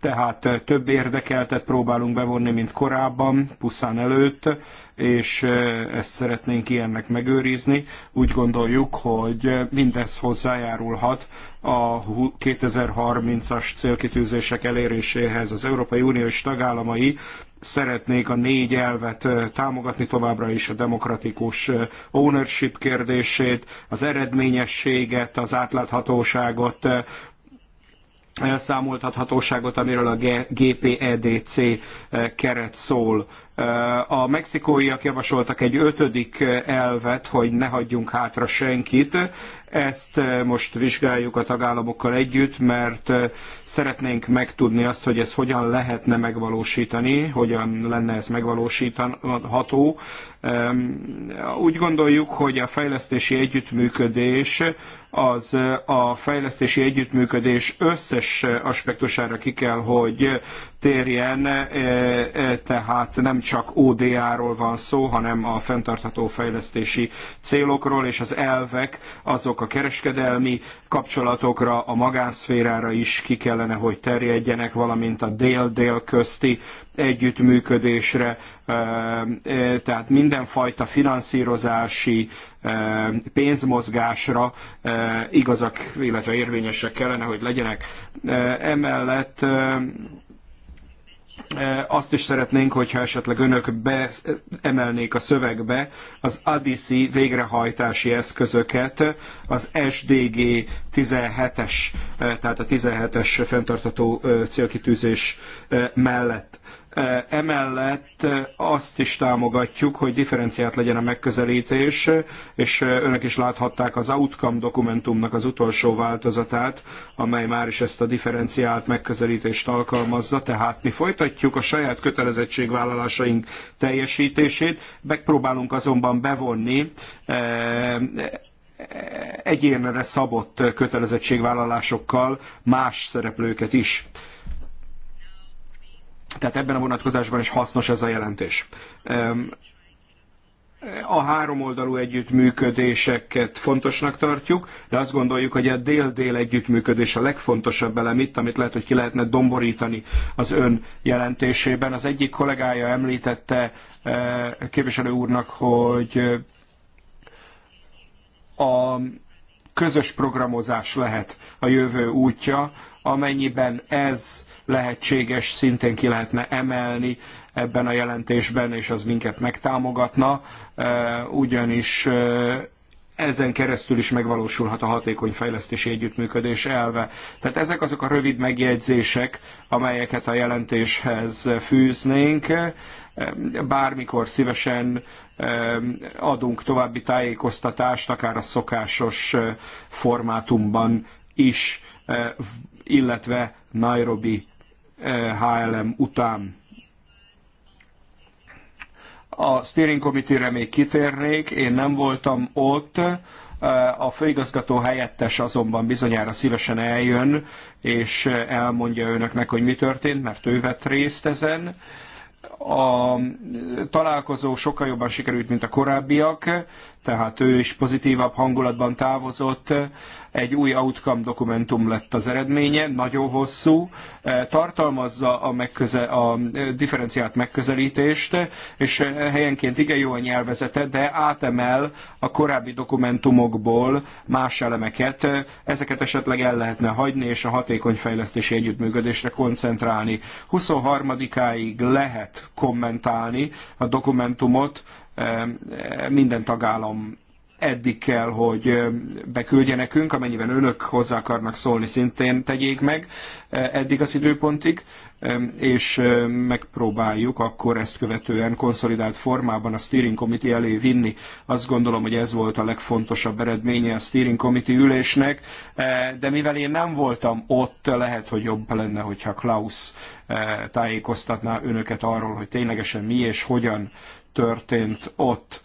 tehát eh, több érdekeltet próbálunk bevonni, mint korábban, puszán előtt, és eh, ezt szeretnénk ilyennek megőrizni. Úgy gondoljuk, hogy eh, mindez hozzájárulhat a 2030-as célkitűzések eléréséhez. Az Európai Unió és tagállamai szeretnék a négy elvet támogatni továbbra is a demokratikus ownership kérdését, az eredményességet, az átláthatóságot, elszámoltathatóságot, amiről a GPEDC eh, keret szól. A mexikóiak javasoltak egy ötödik elvet, hogy ne hagyjunk hátra senkit. Ezt most vizsgáljuk a tagállamokkal együtt, mert szeretnénk megtudni azt, hogy ez hogyan lehetne megvalósítani, hogyan lenne ez megvalósítható. Úgy gondoljuk, hogy a fejlesztési együttműködés az a fejlesztési együttműködés összes aspektusára ki kell, hogy térjen, e, e, tehát nem csak ODA-ról van szó, hanem a fenntartható fejlesztési célokról, és az elvek azok a kereskedelmi kapcsolatokra, a magánszférára is ki kellene, hogy terjedjenek, valamint a dél-dél közti együttműködésre, e, tehát mindenfajta finanszírozási pénzmozgásra igazak, illetve érvényesek kellene, hogy legyenek. Emellett azt is szeretnénk, hogyha esetleg önök beemelnék a szövegbe az ADISI végrehajtási eszközöket, az SDG 17-es, tehát a 17-es fenntartató célkitűzés mellett. Emellett azt is támogatjuk, hogy differenciált legyen a megközelítés, és önök is láthatták az outcome dokumentumnak az utolsó változatát, amely már is ezt a differenciált megközelítést alkalmazza, tehát mi folytatjuk a saját kötelezettségvállalásaink teljesítését, megpróbálunk azonban bevonni egyénre szabott kötelezettségvállalásokkal más szereplőket is. Tehát ebben a vonatkozásban is hasznos ez a jelentés. A háromoldalú együttműködéseket fontosnak tartjuk, de azt gondoljuk, hogy a dél-dél együttműködés a legfontosabb elem itt, amit lehet, hogy ki lehetne domborítani az ön jelentésében. Az egyik kollégája említette eh, képviselő úrnak, hogy eh, a közös programozás lehet a jövő útja, amennyiben ez lehetséges, szintén ki lehetne emelni ebben a jelentésben, és az minket megtámogatna, ugyanis ezen keresztül is megvalósulhat a hatékony fejlesztési együttműködés elve. Tehát ezek azok a rövid megjegyzések, amelyeket a jelentéshez fűznénk. Bármikor szívesen adunk további tájékoztatást, akár a szokásos formátumban is illetve Nairobi HLM eh, után. A steering committee-re még kitérnék, én nem voltam ott, eh, a főigazgató helyettes azonban bizonyára szívesen eljön, és elmondja önöknek, hogy mi történt, mert ő vett részt ezen. A találkozó sokkal jobban sikerült, mint a korábbiak tehát ő is pozitívabb hangulatban távozott, egy új outcome dokumentum lett az eredménye, nagyon hosszú, e, tartalmazza a, megköze, a e, differenciált megközelítést, és e, helyenként igen jó a nyelvezete, de átemel a korábbi dokumentumokból más elemeket, ezeket esetleg el lehetne hagyni, és a hatékony fejlesztési együttműködésre koncentrálni. 23-áig lehet kommentálni a dokumentumot, minden tagállam eddig kell, hogy beküldje nekünk, amennyiben önök hozzá akarnak szólni, szintén tegyék meg eddig az időpontig, és megpróbáljuk akkor ezt követően konszolidált formában a steering committee elé vinni. Azt gondolom, hogy ez volt a legfontosabb eredménye a steering committee ülésnek, de mivel én nem voltam ott, lehet, hogy jobb lenne, hogyha Klaus tájékoztatná önöket arról, hogy ténylegesen mi és hogyan történt ott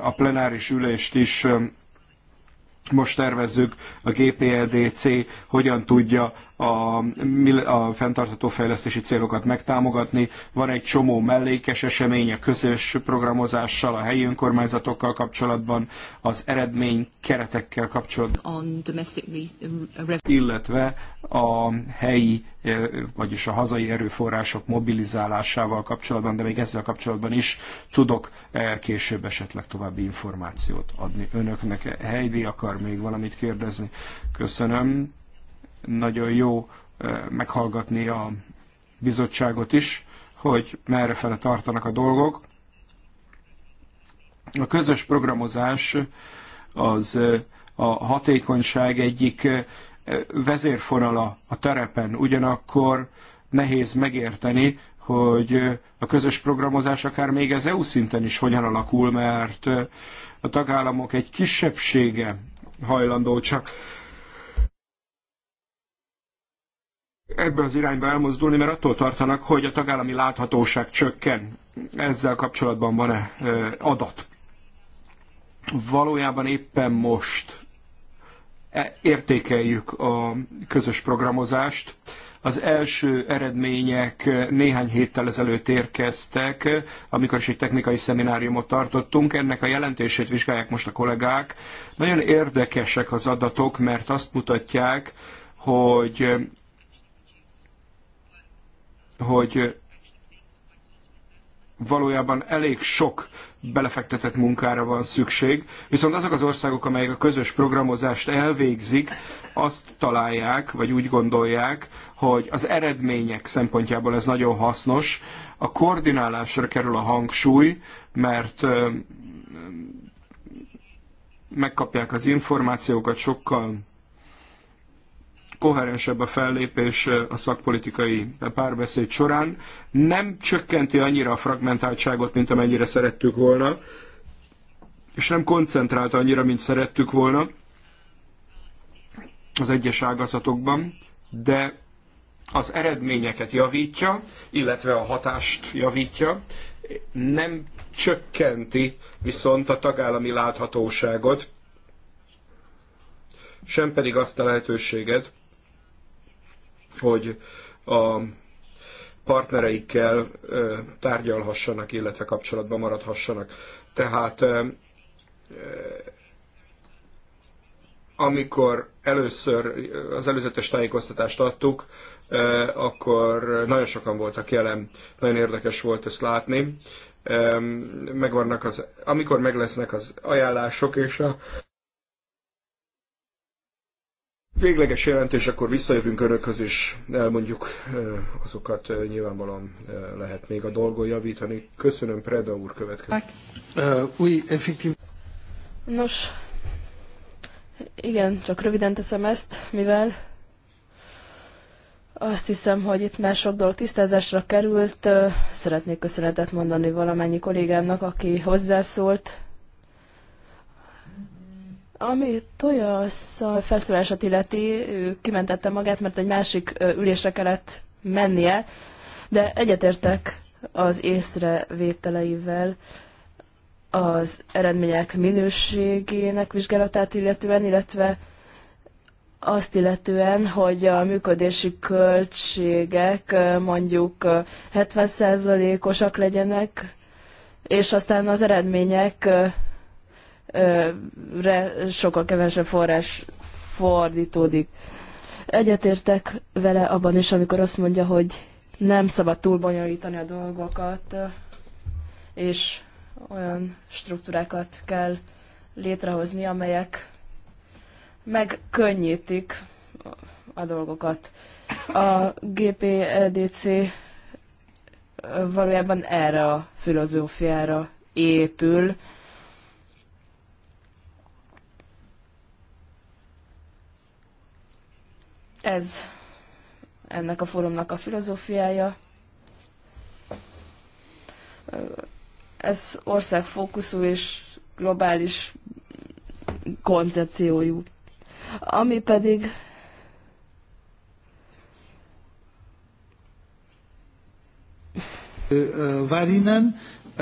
a plenáris ülést is most tervezzük a GPLDC hogyan tudja a, a fenntartható fejlesztési célokat megtámogatni. Van egy csomó mellékes esemény a közös programozással, a helyi önkormányzatokkal kapcsolatban, az eredmény keretekkel kapcsolatban, illetve a helyi, eh, vagyis a hazai erőforrások mobilizálásával kapcsolatban, de még ezzel kapcsolatban is tudok eh, később esetleg további információt adni önöknek. Heidi akar még valamit kérdezni. Köszönöm. Nagyon jó eh, meghallgatni a bizottságot is, hogy merre fele tartanak a dolgok. A közös programozás az eh, a hatékonyság egyik eh, vezérfonala a terepen, ugyanakkor nehéz megérteni, hogy a közös programozás akár még az EU szinten is hogyan alakul, mert a tagállamok egy kisebbsége hajlandó csak ebbe az irányba elmozdulni, mert attól tartanak, hogy a tagállami láthatóság csökken. Ezzel kapcsolatban van-e adat? Valójában éppen most e, értékeljük a közös programozást, az első eredmények néhány héttel ezelőtt érkeztek, amikor is egy technikai szemináriumot tartottunk. Ennek a jelentését vizsgálják most a kollégák. Nagyon érdekesek az adatok, mert azt mutatják, hogy hogy valójában elég sok belefektetett munkára van szükség. Viszont azok az országok, amelyek a közös programozást elvégzik, azt találják, vagy úgy gondolják, hogy az eredmények szempontjából ez nagyon hasznos. A koordinálásra kerül a hangsúly, mert megkapják az információkat sokkal koherensebb a fellépés a szakpolitikai párbeszéd során. Nem csökkenti annyira a fragmentáltságot, mint amennyire szerettük volna, és nem koncentrált annyira, mint szerettük volna az egyes ágazatokban, de az eredményeket javítja, illetve a hatást javítja, nem csökkenti viszont a tagállami láthatóságot, sem pedig azt a lehetőséget, hogy a partnereikkel tárgyalhassanak, illetve kapcsolatban maradhassanak. Tehát amikor először az előzetes tájékoztatást adtuk, akkor nagyon sokan voltak jelen, nagyon érdekes volt ezt látni. Megvannak az, amikor meglesznek az ajánlások és a végleges jelentés, akkor visszajövünk Önökhöz, és elmondjuk azokat. Nyilvánvalóan lehet még a dolgon javítani. Köszönöm, Preda úr következő. Új, effektív. Nos, igen, csak röviden teszem ezt, mivel azt hiszem, hogy itt már sok dolog tisztázásra került. Szeretnék köszönetet mondani valamennyi kollégámnak, aki hozzászólt ami a felszólását illeti, ő kimentette magát, mert egy másik ülésre kellett mennie, de egyetértek az észrevételeivel az eredmények minőségének vizsgálatát illetően, illetve azt illetően, hogy a működési költségek mondjuk 70%-osak legyenek, és aztán az eredmények re sokkal kevesebb forrás fordítódik. Egyetértek vele abban is, amikor azt mondja, hogy nem szabad túlbonyolítani a dolgokat, és olyan struktúrákat kell létrehozni, amelyek megkönnyítik a dolgokat. A GPDC e valójában erre a filozófiára épül, Ez ennek a fórumnak a filozófiája. Ez országfókuszú és globális koncepciójú. Ami pedig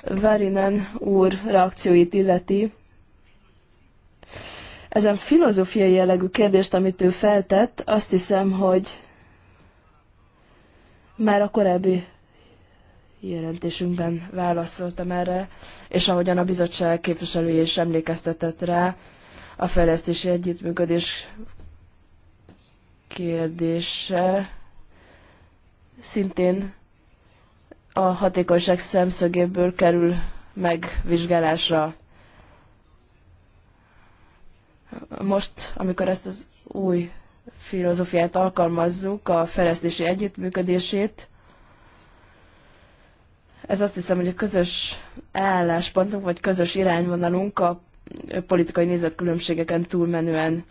Várinen úr reakcióit illeti, ezen filozófiai jellegű kérdést, amit ő feltett, azt hiszem, hogy már a korábbi jelentésünkben válaszoltam erre, és ahogyan a bizottság képviselője is emlékeztetett rá, a fejlesztési együttműködés kérdése szintén a hatékonyság szemszögéből kerül megvizsgálásra most, amikor ezt az új filozófiát alkalmazzuk, a fejlesztési együttműködését, ez azt hiszem, hogy a közös álláspontunk, vagy közös irányvonalunk a politikai nézetkülönbségeken túlmenően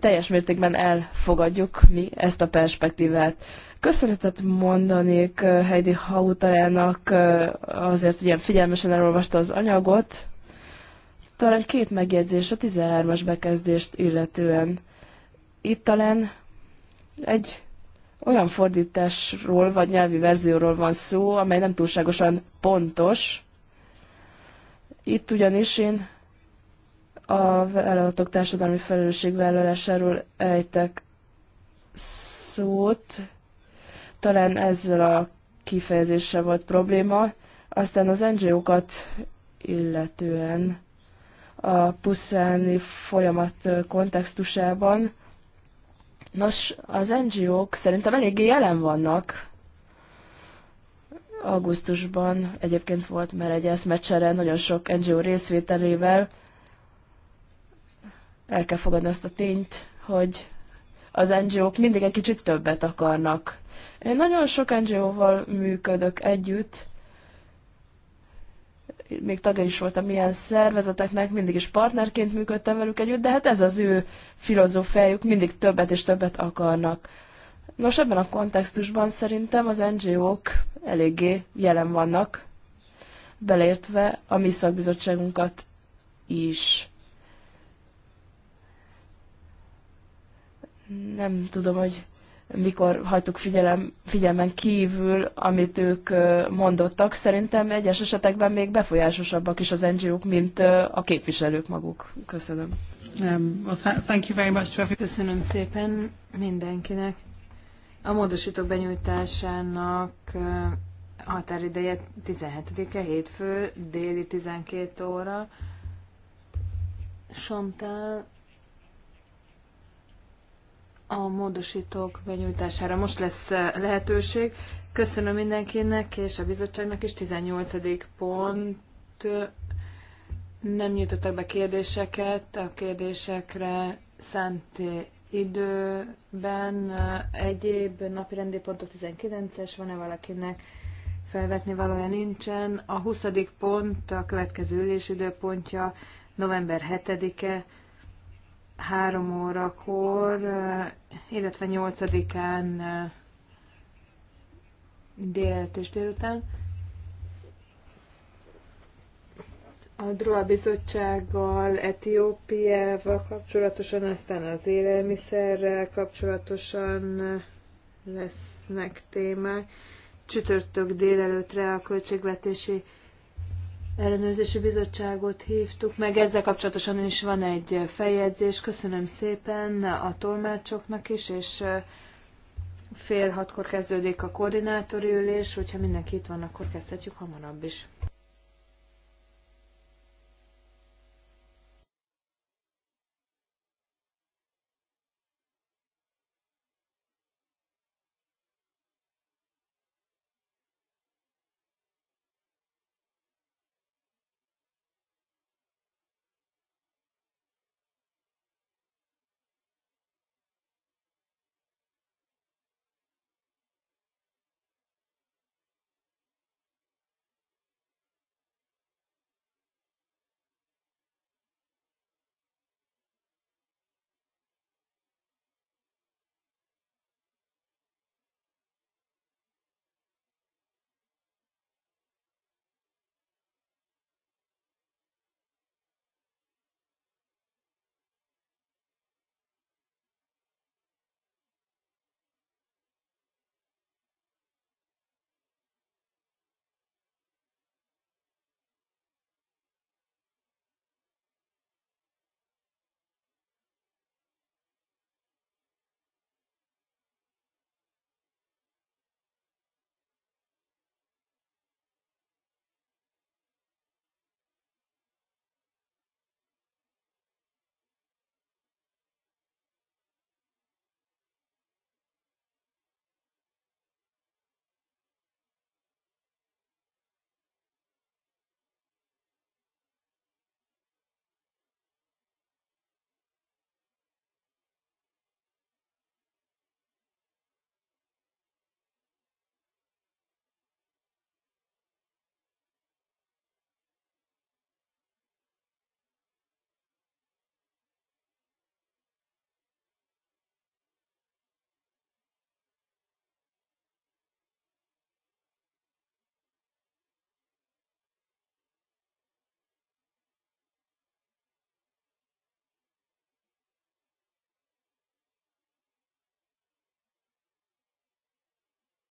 teljes mértékben elfogadjuk mi ezt a perspektívát. Köszönetet mondanék eh, Heidi Hautalának eh, azért, hogy ilyen figyelmesen elolvasta az anyagot, talán két megjegyzés a 13-as bekezdést illetően. Itt talán egy olyan fordításról vagy nyelvi verzióról van szó, amely nem túlságosan pontos. Itt ugyanis én a vállalatok társadalmi felelősségvállalásáról ejtek szót. Talán ezzel a kifejezéssel volt probléma. Aztán az NGO-kat illetően a puszáni folyamat kontextusában. Nos, az NGO-k szerintem eléggé jelen vannak. Augusztusban egyébként volt már egy eszmecsere nagyon sok NGO részvételével. El kell fogadni azt a tényt, hogy az NGO-k mindig egy kicsit többet akarnak. Én nagyon sok NGO-val működök együtt, még tagja is voltam ilyen szervezeteknek, mindig is partnerként működtem velük együtt, de hát ez az ő filozófiájuk, mindig többet és többet akarnak. Nos, ebben a kontextusban szerintem az NGO-k eléggé jelen vannak, beleértve a mi szakbizottságunkat is. Nem tudom, hogy mikor hagytuk figyelem, figyelmen kívül, amit ők mondottak. Szerintem egyes esetekben még befolyásosabbak is az NGO-k, mint a képviselők maguk. Köszönöm. Um, well, thank you very much to Köszönöm szépen mindenkinek. A módosítók benyújtásának határideje 17-e hétfő, déli 12 óra. Sontál a módosítók benyújtására most lesz eh, lehetőség. Köszönöm mindenkinek és a bizottságnak is. 18. pont. Nem nyújtottak be kérdéseket. A kérdésekre szánt időben egyéb napirendi pontok 19-es, van-e valakinek felvetni valója nincsen. A 20. pont a következő ülés időpontja november 7-e három órakor, eh, illetve nyolcadikán eh, délt és délután. A DROA bizottsággal, Etiópiával kapcsolatosan, aztán az élelmiszerrel kapcsolatosan eh, lesznek témák. Csütörtök délelőtre a költségvetési ellenőrzési bizottságot hívtuk meg. Ezzel kapcsolatosan is van egy feljegyzés. Köszönöm szépen a tolmácsoknak is, és fél hatkor kezdődik a koordinátori ülés, hogyha mindenki itt van, akkor kezdhetjük hamarabb is.